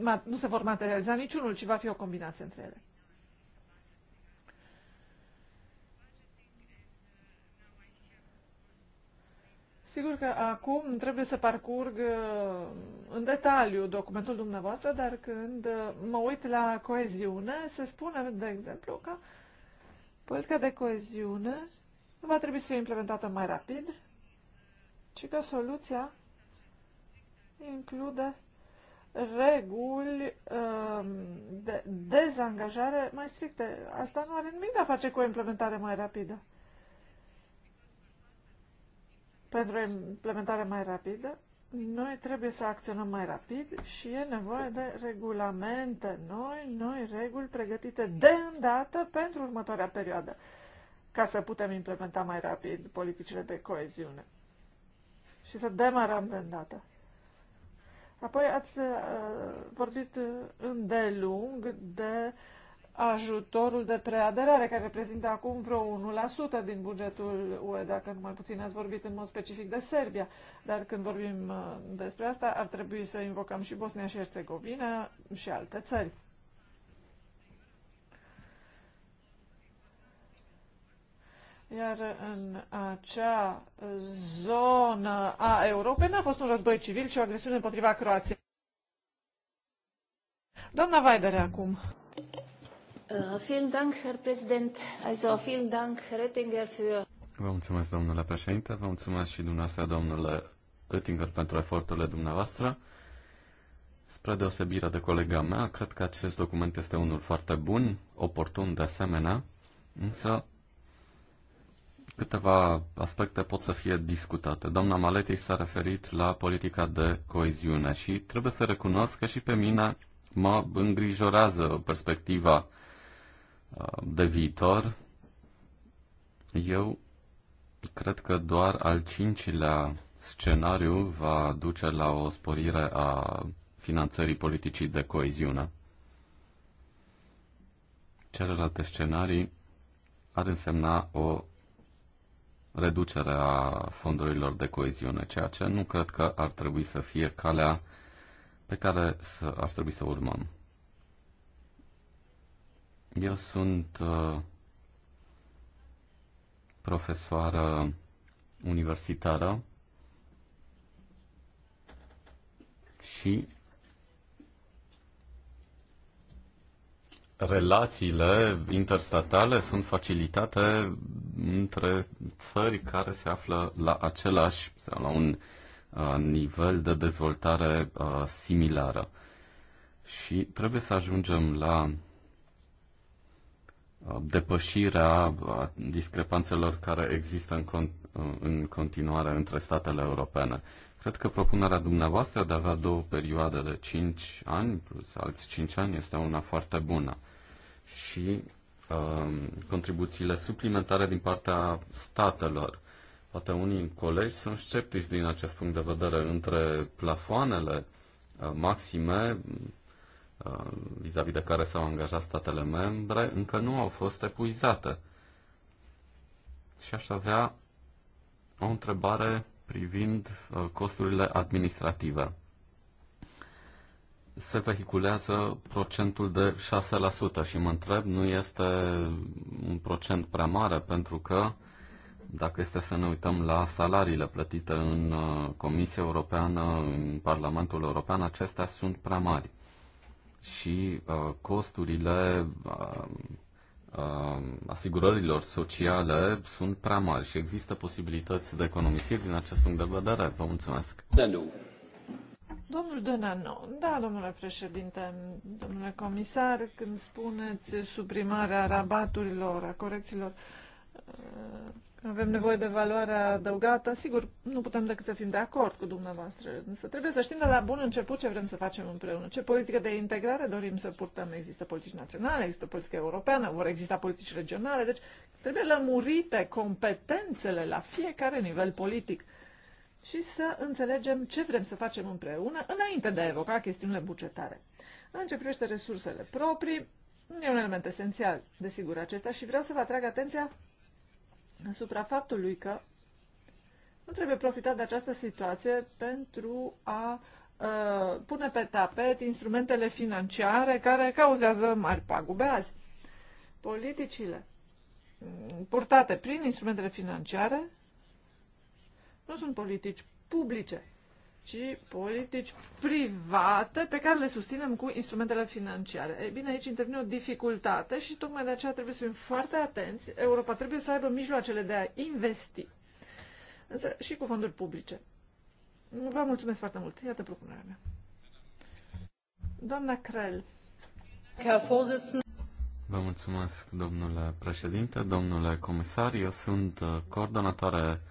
uh, nu se vor materializa niciunul, ci va fi o combinație între ele. Sigur că acum trebuie să parcurg uh, în detaliu documentul dumneavoastră, dar când uh, mă uit la coeziune, se spune, de exemplu, că politica de coeziune va trebui să fie implementată mai rapid și că soluția include reguli uh, de dezangajare mai stricte. Asta nu are nimic de a face cu o implementare mai rapidă pentru o implementare mai rapidă, noi trebuie să acționăm mai rapid și e nevoie de regulamente noi, noi reguli pregătite de îndată pentru următoarea perioadă, ca să putem implementa mai rapid politicile de coeziune și să demarăm de îndată. Apoi ați uh, vorbit îndelung de uh, ajutorul de preaderare, care reprezintă acum vreo 1% din bugetul UE, dacă nu mai puțin ați vorbit în mod specific de Serbia. Dar când vorbim uh, despre asta, ar trebui să invocăm și Bosnia și Herțegovina și alte țări. Iar în acea zonă a Europei n-a fost un război civil, ci o agresiune împotriva Croației. Doamna Vaidere acum. Uh, vielen Dank, Herr Präsident. Also, vielen Dank, für... Vă mulțumesc, domnule președinte, vă mulțumesc și dumneavoastră, domnule Oettinger, pentru eforturile dumneavoastră. Spre deosebire de colega mea, cred că acest document este unul foarte bun, oportun de asemenea, însă câteva aspecte pot să fie discutate. Doamna Maletei s-a referit la politica de coeziune și trebuie să recunosc că și pe mine mă îngrijorează perspectiva Uh, de viitor, eu cred că doar al cincilea scenariu va duce la o sporire a finanțării politicii de coeziune. Celelalte scenarii ar însemna o reducere a fondurilor de coeziune, ceea ce nu cred că ar trebui să fie calea pe care să, ar trebui să urmăm. Eu sunt uh, profesoară universitară și relațiile interstatale sunt facilitate între țări care se află la același sau la un uh, nivel de dezvoltare uh, similară. Și trebuie să ajungem la depășirea discrepanțelor care există în, con- în continuare între statele europene. Cred că propunerea dumneavoastră de a avea două perioade de 5 ani plus alți 5 ani este una foarte bună. Și uh, contribuțiile suplimentare din partea statelor. Poate unii colegi sunt sceptici din acest punct de vedere între plafoanele uh, maxime Uh, vis-a-vis -vis de care s-au angajat statele membre încă nu au fost epuizate. Și aș avea o întrebare privind uh, costurile administrative. Se vehiculează procentul de 6% și mă întreb, nu este un procent prea mare pentru că dacă este să ne uităm la salariile plătite în uh, Comisia Europeană, în Parlamentul European, acestea sunt prea mari și uh, costurile uh, uh, asigurărilor sociale sunt prea mari și există posibilități de economisiri din acest punct de vedere. Vă mulțumesc. Hello. Domnul Donano, da, domnule președinte, domnule comisar, când spuneți suprimarea rabaturilor, a corecțiilor, uh, avem nevoie de valoare adăugată. Sigur, nu putem decât să fim de acord cu dumneavoastră, însă trebuie să știm de la bun început ce vrem să facem împreună, ce politică de integrare dorim să purtăm. Există politici naționale, există politică europeană, vor exista politici regionale, deci trebuie lămurite competențele la fiecare nivel politic și să înțelegem ce vrem să facem împreună înainte de a evoca chestiunile bugetare. În ce privește resursele proprii, e un element esențial, desigur, acesta și vreau să vă atrag atenția asupra faptului că nu trebuie profitat de această situație pentru a uh, pune pe tapet instrumentele financiare care cauzează mari pagube azi. Politicile purtate prin instrumentele financiare nu sunt politici publice ci politici private pe care le susținem cu instrumentele financiare. Ei bine, aici intervine o dificultate și tocmai de aceea trebuie să fim foarte atenți. Europa trebuie să aibă mijloacele de a investi, însă și cu fonduri publice. Vă mulțumesc foarte mult. Iată propunerea mea. Doamna Crel. Vă mulțumesc, domnule președinte, domnule comisar. Eu sunt uh, coordonatoare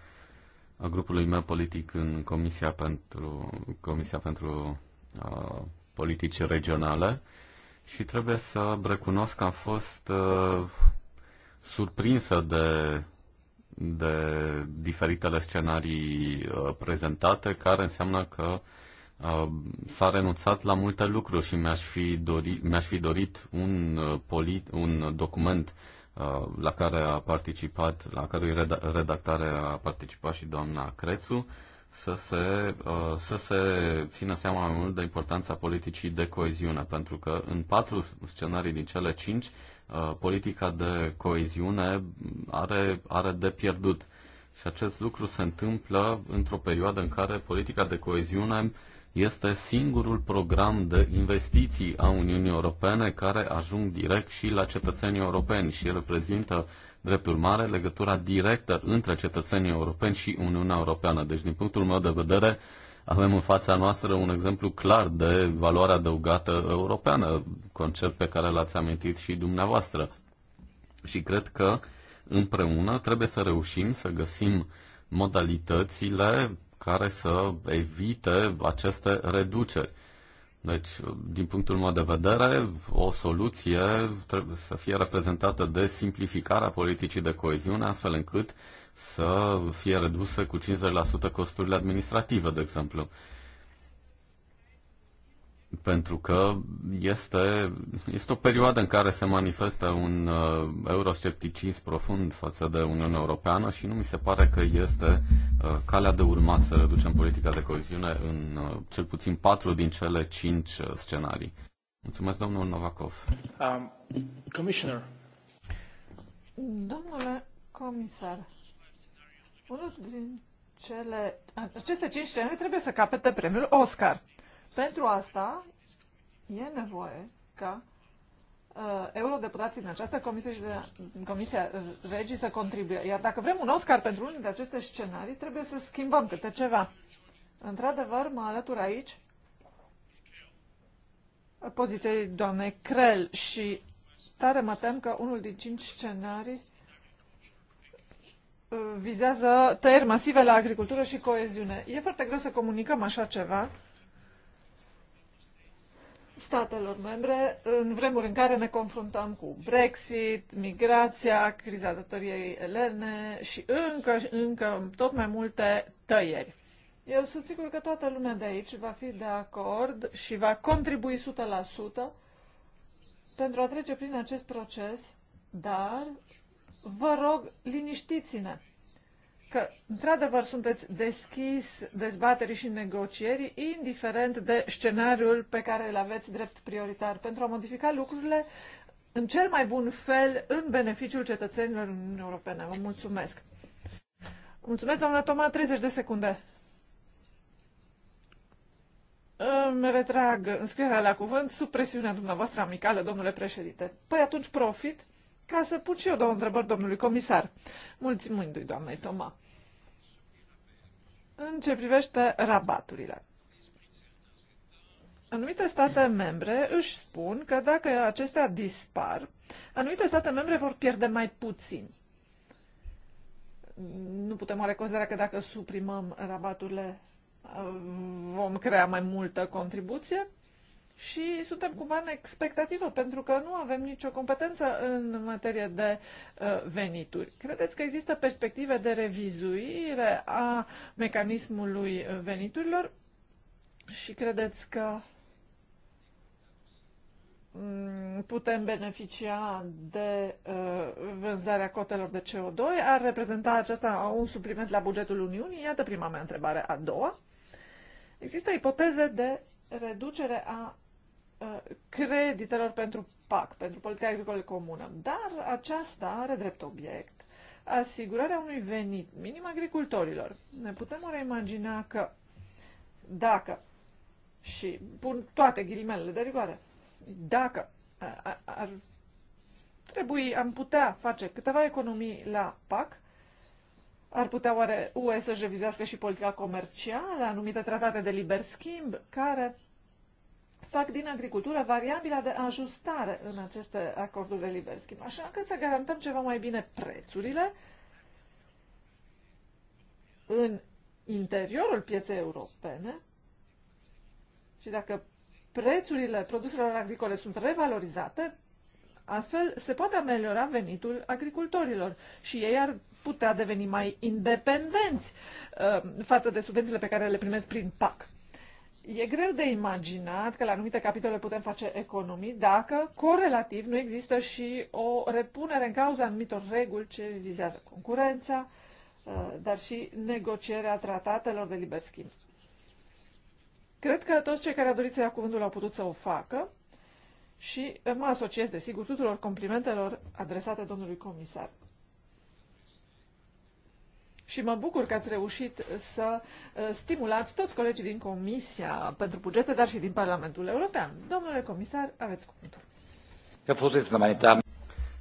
grupului meu politic în Comisia pentru, Comisia pentru uh, Politici Regionale și trebuie să recunosc că am fost uh, surprinsă de, de diferitele scenarii uh, prezentate, care înseamnă că uh, s-a renunțat la multe lucruri și mi-aș fi, dori, mi-aș fi dorit un, uh, polit, un document uh, Uh, la care a participat, la care redactare a participat și doamna Crețu, să se, uh, să se țină seama mai mult de importanța politicii de coeziune, pentru că în patru scenarii din cele cinci, uh, politica de coeziune are, are de pierdut. Și acest lucru se întâmplă într-o perioadă în care politica de coeziune uh, este singurul program de investiții a Uniunii Europene care ajung direct și la cetățenii europeni și reprezintă, drept urmare, legătura directă între cetățenii europeni și Uniunea Europeană. Deci, din punctul meu de vedere, avem în fața noastră un exemplu clar de valoare adăugată europeană, concept pe care l-ați amintit și dumneavoastră. Și cred că împreună trebuie să reușim să găsim modalitățile care să evite aceste reduceri. Deci, din punctul meu de vedere, o soluție trebuie să fie reprezentată de simplificarea politicii de coeziune, astfel încât să fie reduse cu 50% costurile administrative, de exemplu pentru că este, este o perioadă în care se manifestă un uh, euroscepticism profund față de Uniunea Europeană și nu mi se pare că este uh, calea de urmat să reducem politica de coeziune în uh, cel puțin patru din cele cinci uh, scenarii. Mulțumesc, domnul Novakov. Um, commissioner. Domnule comisar, unul din cele... Aceste cinci scenarii trebuie să capete premiul Oscar. Pentru asta e nevoie ca uh, eurodeputații din această comisie și de Comisia Regii să contribuie. Iar dacă vrem un Oscar pentru unul dintre aceste scenarii, trebuie să schimbăm câte ceva. Într-adevăr, mă alătur aici poziției doamnei Crel și tare mă tem că unul din cinci scenarii uh, vizează tăieri masive la agricultură și coeziune. E foarte greu să comunicăm așa ceva statelor membre în vremuri în care ne confruntăm cu Brexit, migrația, criza datoriei elene și încă și încă tot mai multe tăieri. Eu sunt sigur că toată lumea de aici va fi de acord și va contribui 100% pentru a trece prin acest proces, dar vă rog, liniștiți-ne că, într-adevăr, sunteți deschis dezbaterii și negocierii, indiferent de scenariul pe care îl aveți drept prioritar, pentru a modifica lucrurile în cel mai bun fel în beneficiul cetățenilor Uniunii Europene. Vă mulțumesc! Mulțumesc, doamna Toma, 30 de secunde. Îmi retrag înscrierea la cuvânt sub presiunea dumneavoastră amicală, domnule președinte. Păi atunci profit ca să pun și eu două întrebări domnului comisar. Mulțumindu-i, doamnei Toma. În ce privește rabaturile. Anumite state membre își spun că dacă acestea dispar, anumite state membre vor pierde mai puțin. Nu putem oare considera că dacă suprimăm rabaturile uh, vom crea mai multă contribuție? și suntem cumva în expectativă, pentru că nu avem nicio competență în materie de uh, venituri. Credeți că există perspective de revizuire a mecanismului uh, veniturilor și credeți că mm, putem beneficia de uh, vânzarea cotelor de CO2? Ar reprezenta acesta un supliment la bugetul Uniunii? Iată prima mea întrebare. A doua, există ipoteze de reducere a Uh, creditelor pentru PAC, pentru politica agricolă comună. Dar aceasta are drept obiect asigurarea unui venit minim agricultorilor. Ne putem oare imagina că dacă, și pun toate ghilimelele de rigoare, dacă ar trebui, am putea face câteva economii la PAC, ar putea oare UE să-și revizuiască și politica comercială, anumite tratate de liber schimb, care fac din agricultură variabila de ajustare în aceste acorduri de liber schimb, așa încât să garantăm ceva mai bine prețurile în interiorul pieței europene și dacă prețurile produselor agricole sunt revalorizate, astfel se poate ameliora venitul agricultorilor și ei ar putea deveni mai independenți uh, față de subvențiile pe care le primesc prin PAC. E greu de imaginat că la anumite capitole putem face economii dacă, corelativ, nu există și o repunere în cauza anumitor reguli ce vizează concurența, uh, dar și negocierea tratatelor de liber schimb. Cred că toți cei care au dorit să ia cuvântul au putut să o facă și mă asociez, desigur, tuturor complimentelor adresate domnului comisar și mă bucur că ați reușit să uh, stimulați toți colegii din Comisia pentru Bugete, dar și din Parlamentul European. Domnule comisar, aveți cuvântul.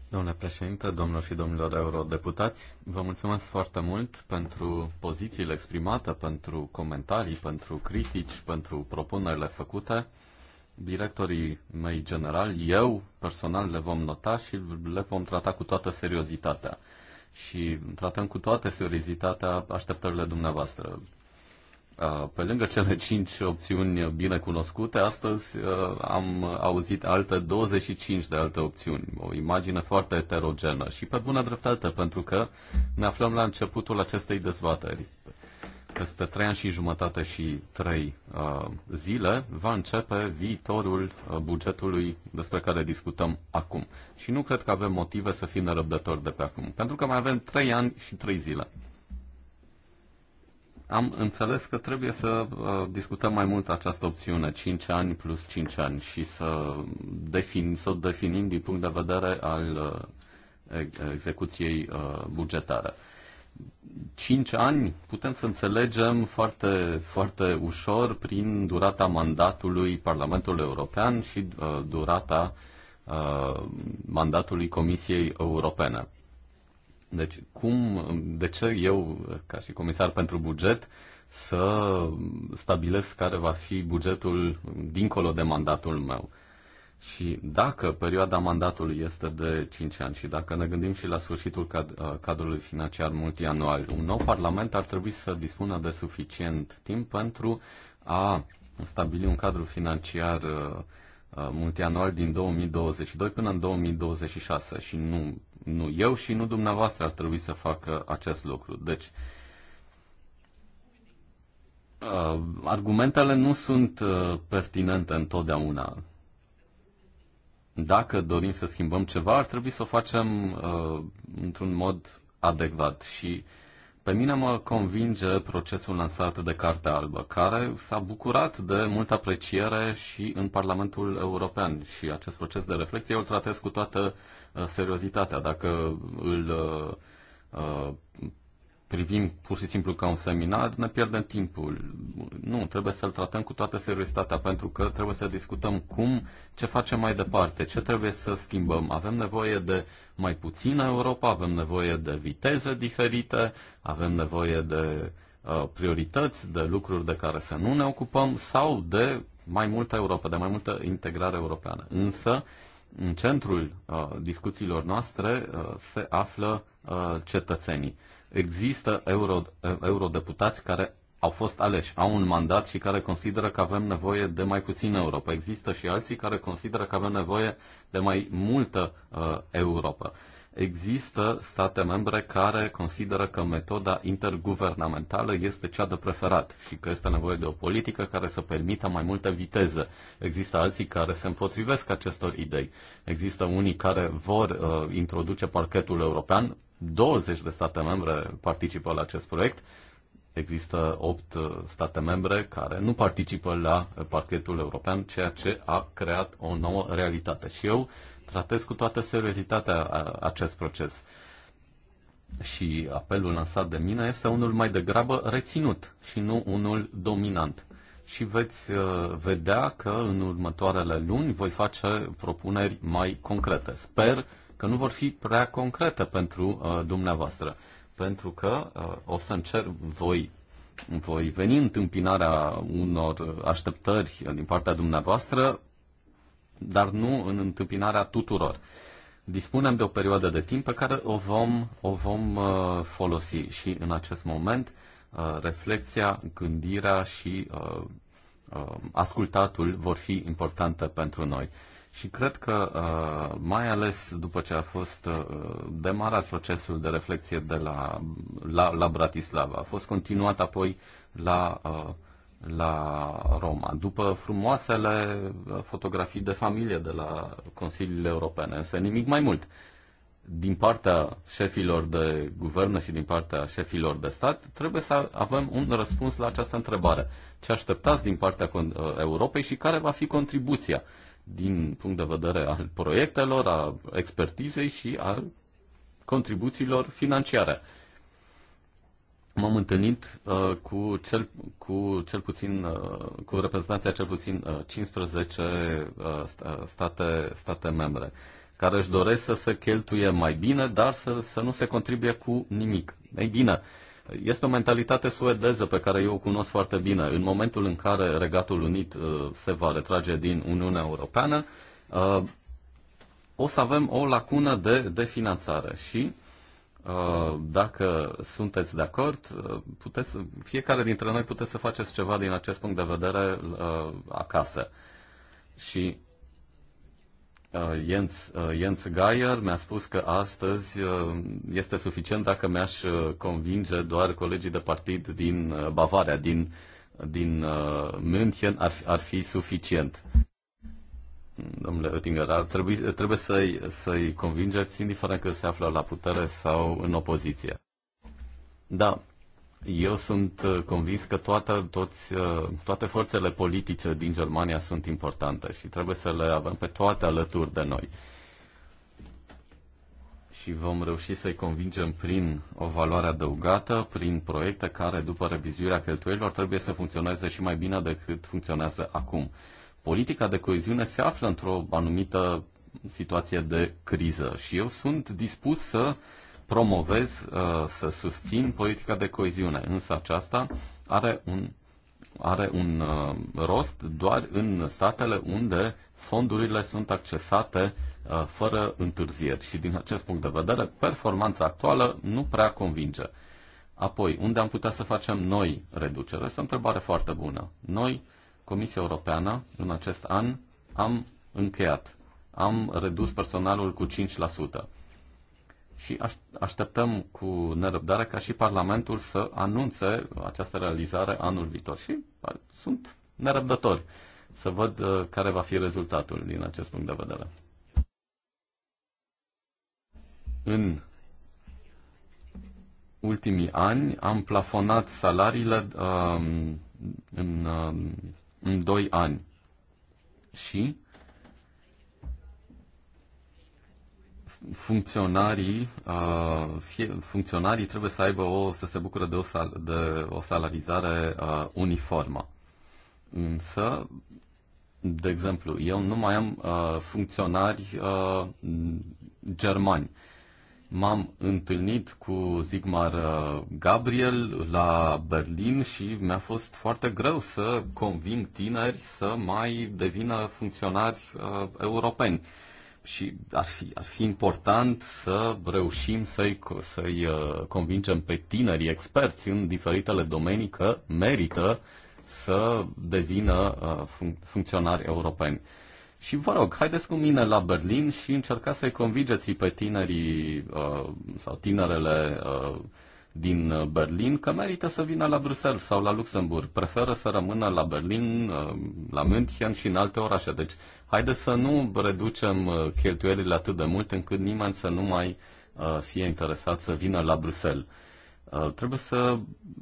Domnule președinte, domnilor și domnilor eurodeputați, vă mulțumesc foarte mult pentru pozițiile exprimate, pentru comentarii, pentru critici, pentru propunerile făcute. Directorii mei generali, eu personal le vom nota și le vom trata cu toată seriozitatea și tratăm cu toată seriozitatea așteptările dumneavoastră. Pe lângă cele cinci opțiuni bine cunoscute, astăzi am auzit alte 25 de alte opțiuni, o imagine foarte heterogenă și pe bună dreptate, pentru că ne aflăm la începutul acestei dezbateri peste trei ani și jumătate și trei uh, zile va începe viitorul uh, bugetului despre care discutăm acum. Și nu cred că avem motive să fim nerăbdători de pe acum, pentru că mai avem trei ani și trei zile. Am înțeles că trebuie să uh, discutăm mai mult această opțiune, 5 ani plus 5 ani, și să, defin, să o definim din punct de vedere al uh, execuției uh, bugetare. 5 ani putem să înțelegem foarte, foarte ușor prin durata mandatului Parlamentului European și uh, durata uh, mandatului Comisiei Europene. Deci, cum, de ce eu, ca și comisar pentru buget, să stabilesc care va fi bugetul dincolo de mandatul meu? Și dacă perioada mandatului este de 5 ani și dacă ne gândim și la sfârșitul cad- uh, cadrului financiar multianual, un nou parlament ar trebui să dispună de suficient timp pentru a stabili un cadru financiar uh, uh, multianual din 2022 până în 2026 și nu, nu eu și nu dumneavoastră ar trebui să facă acest lucru. Deci, argumentele nu sunt pertinente întotdeauna dacă dorim să schimbăm ceva, ar trebui să o facem uh, într-un mod adecvat. Și pe mine mă convinge procesul lansat de Cartea Albă, care s-a bucurat de multă apreciere și în Parlamentul European. Și acest proces de reflexie eu îl tratez cu toată uh, seriozitatea. Dacă îl uh, uh privim pur și simplu ca un seminar, ne pierdem timpul. Nu, trebuie să-l tratăm cu toată seriozitatea, pentru că trebuie să discutăm cum, ce facem mai departe, ce trebuie să schimbăm. Avem nevoie de mai puțină Europa, avem nevoie de viteze diferite, avem nevoie de uh, priorități, de lucruri de care să nu ne ocupăm sau de mai multă Europa, de mai multă integrare europeană. Însă, în centrul uh, discuțiilor noastre uh, se află uh, cetățenii există euro, eurodeputați care au fost aleși, au un mandat și care consideră că avem nevoie de mai puțin Europa. Există și alții care consideră că avem nevoie de mai multă uh, Europa. Uh, există state membre care consideră că metoda interguvernamentală este cea de preferat și că este nevoie de o politică care să permită mai multă viteză. Există alții care se împotrivesc acestor idei. Există unii care vor uh, introduce parchetul european. 20 de state membre participă la acest proiect. Există 8 uh, state membre care nu participă la parchetul european, ceea ce a creat o nouă realitate. Și eu tratez cu toată seriozitatea acest proces. Și apelul lansat de mine este unul mai degrabă reținut și nu unul dominant. Și veți uh, vedea că în următoarele luni voi face propuneri mai concrete. Sper că nu vor fi prea concrete pentru uh, dumneavoastră, pentru că uh, o să încerc voi voi veni întâmpinarea unor așteptări din partea dumneavoastră dar nu în întâmpinarea tuturor. Dispunem de o perioadă de timp pe care o vom, o vom uh, folosi și în acest moment uh, reflexia, gândirea și uh, ascultatul vor fi importante pentru noi. Și cred că, mai ales după ce a fost demarat procesul de reflexie de la, la, la Bratislava, a fost continuat apoi la uh, la Roma, după frumoasele fotografii de familie de la Consiliile Europene, însă nimic mai mult. Din partea șefilor de guvern și din partea șefilor de stat, trebuie să avem un răspuns la această întrebare. Ce așteptați din partea Europei și care va fi contribuția din punct de vedere al proiectelor, a expertizei și al contribuțiilor financiare? m-am întâlnit uh, cu, cel, cu cel puțin, uh, cu reprezentanția cel puțin uh, 15 uh, uh, state, state membre care își doresc să se cheltuie mai bine, dar să, să nu se contribuie cu nimic. Ei bine, este o mentalitate suedeză pe care eu o cunosc foarte bine. În momentul în care Regatul Unit uh, se va retrage din Uniunea Europeană, uh, o să avem o lacună de, de finanțare și uh, Uh, dacă sunteți de acord, uh, puteți, fiecare dintre noi puteți să faceți ceva din acest punct de vedere uh, acasă. Și Jens, Jens Geier mi-a spus că astăzi este suficient dacă mi-aș convinge doar colegii de partid din Bavaria, din, din München, ar, ar fi suficient domnule Oettinger, ar trebui, trebuie să-i, să-i convingeți, indiferent că se află la putere sau în opoziție. Da, eu sunt uh, convins că toată, toți, uh, toate forțele politice din Germania sunt importante și trebuie să le avem pe toate alături de noi. Și vom reuși să-i convingem prin o valoare adăugată, prin proiecte care, după revizuirea cheltuielilor, trebuie să funcționeze și mai bine decât funcționează acum politica de coeziune se află într-o anumită situație de criză și eu sunt dispus să promovez, uh, să susțin politica de coeziune, însă aceasta are un, are un uh, rost doar în statele unde fondurile sunt accesate uh, fără întârzieri și din acest punct de vedere performanța actuală nu prea convinge. Apoi, unde am putea să facem noi reducere? Este o întrebare foarte bună. Noi Comisia Europeană, în acest an, am încheiat. Am redus personalul cu 5% și așteptăm cu nerăbdare ca și Parlamentul să anunțe această realizare anul viitor. Și sunt nerăbdători să văd uh, care va fi rezultatul din acest punct de vedere. În ultimii ani am plafonat salariile um, în um, în doi ani. Și funcționarii, uh, fie, funcționarii trebuie să aibă o, să se bucure de o, sal, de o salarizare uh, uniformă. Însă, de exemplu, eu nu mai am uh, funcționari uh, germani. Uh, M-am întâlnit cu Zigmar uh, Gabriel la Berlin și mi-a fost foarte greu să conving tineri să mai devină funcționari uh, europeni. Și ar fi, ar fi important să reușim să-i, să-i uh, convingem pe tinerii experți în diferitele domenii că merită să devină uh, fun- funcționari europeni. Uh, și vă rog, haideți cu mine la Berlin și încercați să-i convingeți pe tinerii uh, sau tinerele uh, din Berlin că merită să vină la Bruxelles sau la Luxemburg. Preferă să rămână la Berlin, uh, la München și în alte orașe. Deci, haideți să nu reducem uh, cheltuielile atât de mult încât nimeni să nu mai uh, fie interesat să vină la Bruxelles. Uh, trebuie să,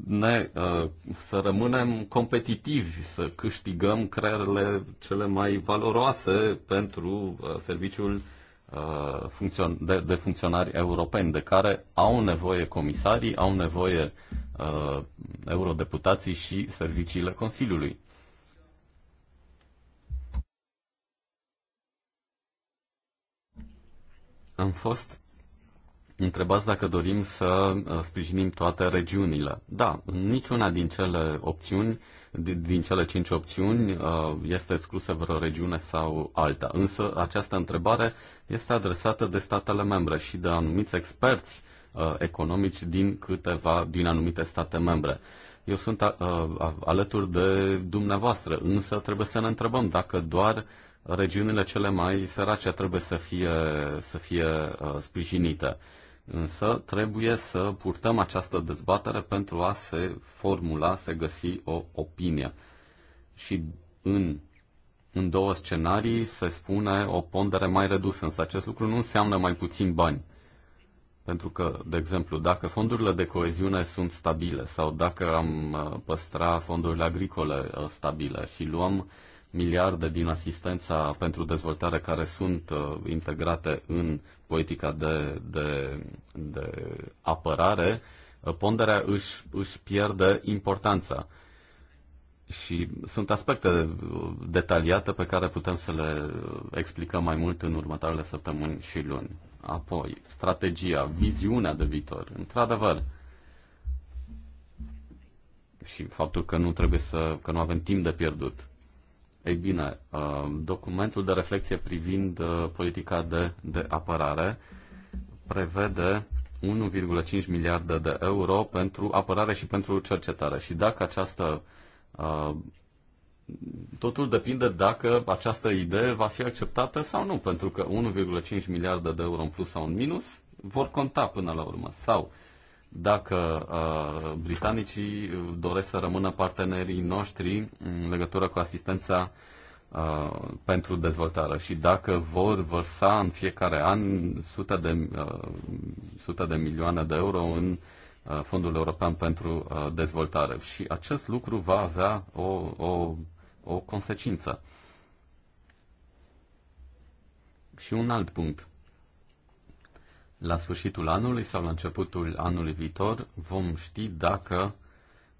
ne, uh, să rămânem competitivi, să câștigăm creierele cele mai valoroase pentru uh, serviciul de, funcționari europeni, de care au nevoie comisarii, au nevoie eurodeputații și serviciile Consiliului. Am fost Întrebați dacă dorim să uh, sprijinim toate regiunile. Da, niciuna din cele opțiuni, din cele cinci opțiuni, uh, este exclusă vreo regiune sau alta. Însă această întrebare este adresată de statele membre și de anumiți experți uh, economici din câteva, din anumite state membre. Eu sunt alături de dumneavoastră, însă trebuie să ne întrebăm dacă doar regiunile cele mai sărace trebuie să fie, să fie sprijinite. Însă trebuie să purtăm această dezbatere pentru a se formula, să găsi o opinie. Și în, în două scenarii se spune o pondere mai redusă, însă acest lucru nu înseamnă mai puțin bani. Pentru că, de exemplu, dacă fondurile de coeziune sunt stabile sau dacă am uh, păstra fondurile agricole uh, stabile și luăm uh, miliarde din asistența pentru dezvoltare care sunt uh, integrate în politica de, de, de apărare, uh, ponderea își, își pierde importanța. Și sunt aspecte uh, detaliate pe care putem să le explicăm mai mult în următoarele săptămâni și luni. Apoi, strategia, viziunea de viitor. Într-adevăr, și faptul că nu trebuie să, că nu avem timp de pierdut. Ei bine, uh, documentul de reflexie privind uh, politica de, de apărare prevede 1,5 miliarde de euro pentru apărare și pentru cercetare. Și dacă această. Uh, totul depinde dacă această idee va fi acceptată sau nu, pentru că 1,5 miliarde de euro în plus sau în minus vor conta până la urmă. Sau dacă uh, britanicii doresc să rămână partenerii noștri în legătură cu asistența uh, pentru dezvoltare și dacă vor vărsa în fiecare an sute de, uh, sute de milioane de euro în uh, Fondul European pentru uh, Dezvoltare. Și acest lucru va avea o, o, o consecință. Și un alt punct la sfârșitul anului sau la începutul anului viitor vom ști dacă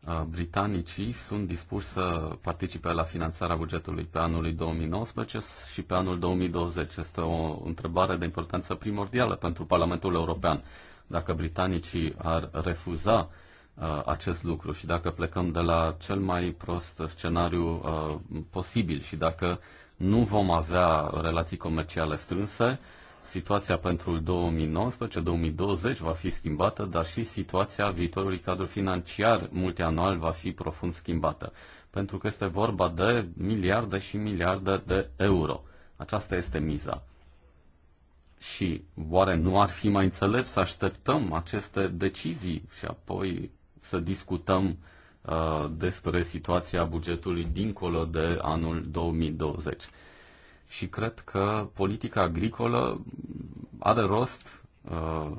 uh, britanicii sunt dispuși să participe la finanțarea bugetului pe anul 2019 și pe anul 2020. Este o întrebare de importanță primordială pentru Parlamentul European. Dacă britanicii ar refuza uh, acest lucru și dacă plecăm de la cel mai prost scenariu uh, posibil și dacă nu vom avea relații comerciale strânse, uh, situația pentru 2019-2020 va fi schimbată, dar și situația viitorului cadru financiar multianual va fi profund schimbată, pentru că este vorba de miliarde și miliarde de euro. Aceasta este miza. Și oare nu ar fi mai înțelept să așteptăm aceste decizii și apoi să discutăm uh, despre situația bugetului dincolo de anul 2020? și cred că politica agricolă are rost uh,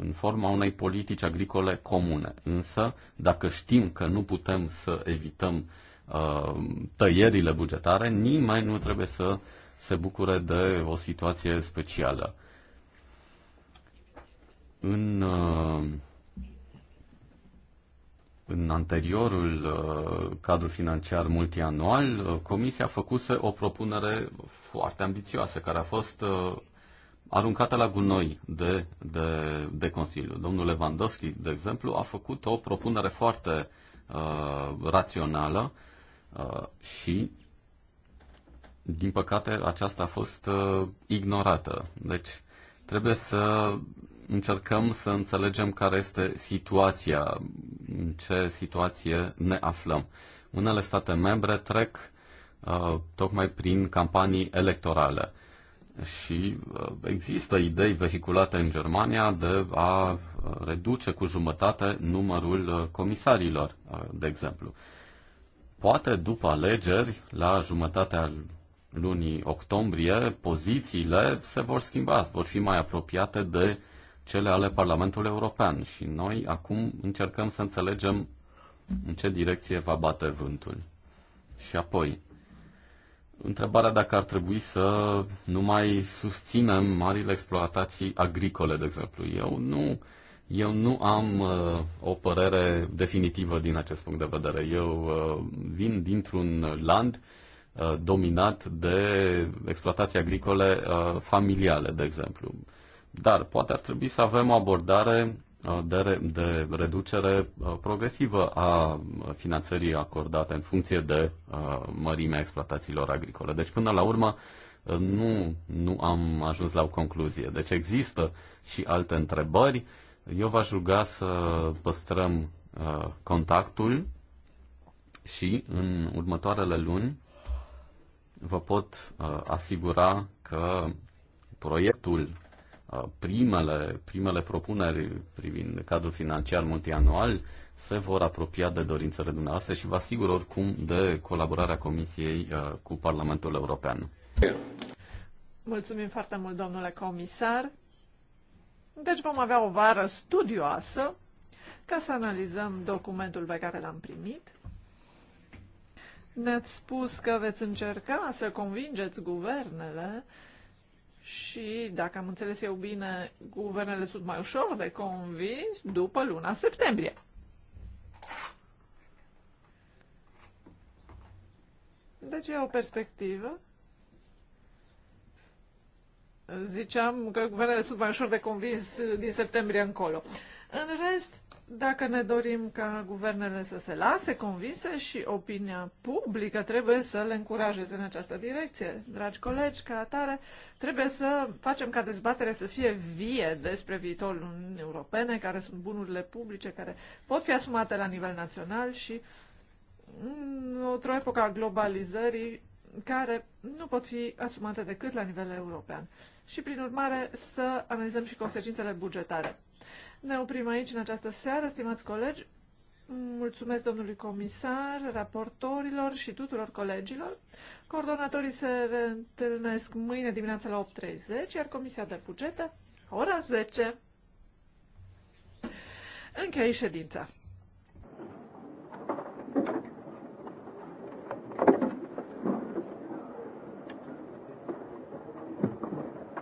în forma unei politici agricole comune. Însă, dacă știm că nu putem să evităm uh, tăierile bugetare, nimeni nu trebuie să se bucure de o situație specială. În uh, în anteriorul uh, cadru financiar multianual, uh, Comisia a făcuse o propunere foarte ambițioasă, care a fost uh, aruncată la gunoi de, de, de Consiliu. Domnul Lewandowski, de exemplu, a făcut o propunere foarte uh, rațională uh, și, din păcate, aceasta a fost uh, ignorată. Deci, trebuie să încercăm să înțelegem care este situația, în ce situație ne aflăm. Unele state membre trec uh, tocmai prin campanii electorale și uh, există idei vehiculate în Germania de a uh, reduce cu jumătate numărul uh, comisarilor, uh, de exemplu. Poate după alegeri, la jumătatea lunii octombrie, pozițiile se vor schimba, vor fi mai apropiate de uh, cele ale Parlamentului European și noi acum încercăm să înțelegem în ce direcție va bate vântul. Și apoi, întrebarea dacă ar trebui să nu mai susținem marile exploatații agricole, de exemplu. Eu nu, eu nu am uh, o părere definitivă din acest punct de vedere. Eu uh, vin dintr-un land uh, dominat de exploatații agricole uh, familiale, de exemplu. Uh, dar poate ar trebui să avem o abordare uh, de, de reducere uh, progresivă a finanțării acordate în funcție de uh, mărimea exploatațiilor agricole. Deci, până la urmă, nu, nu am ajuns la o concluzie. Deci există și alte întrebări. Eu v-aș ruga să păstrăm contactul și în următoarele luni vă pot asigura că proiectul Uh, primele, primele propuneri privind cadrul financiar multianual se vor apropia de dorințele dumneavoastră și vă asigur oricum de colaborarea Comisiei uh, cu Parlamentul European. Mulțumim foarte mult, domnule comisar. Deci vom avea o vară studioasă ca să analizăm documentul pe care l-am primit. Ne-ați spus că veți încerca să convingeți guvernele uh, și, dacă am înțeles eu bine, guvernele sunt mai ușor de convins după luna septembrie. Deci e o perspectivă. Ziceam că guvernele sunt mai ușor de convins din septembrie încolo. În rest, dacă ne dorim ca guvernele să se lase convinse și opinia publică trebuie să le încurajeze în această direcție. Dragi colegi, ca atare, trebuie să facem ca dezbatere să fie vie despre viitorul Uniunii Europene, care sunt bunurile publice, care pot fi asumate la nivel național și într-o epocă a globalizării care nu pot fi asumate decât la nivel european. Și, prin urmare, să analizăm și consecințele bugetare. Ne oprim aici în această seară, stimați colegi. Mulțumesc domnului comisar, raportorilor și tuturor colegilor. Coordonatorii se întâlnesc mâine dimineața la 8.30, iar Comisia de Bugete, ora 10. Închei ședința.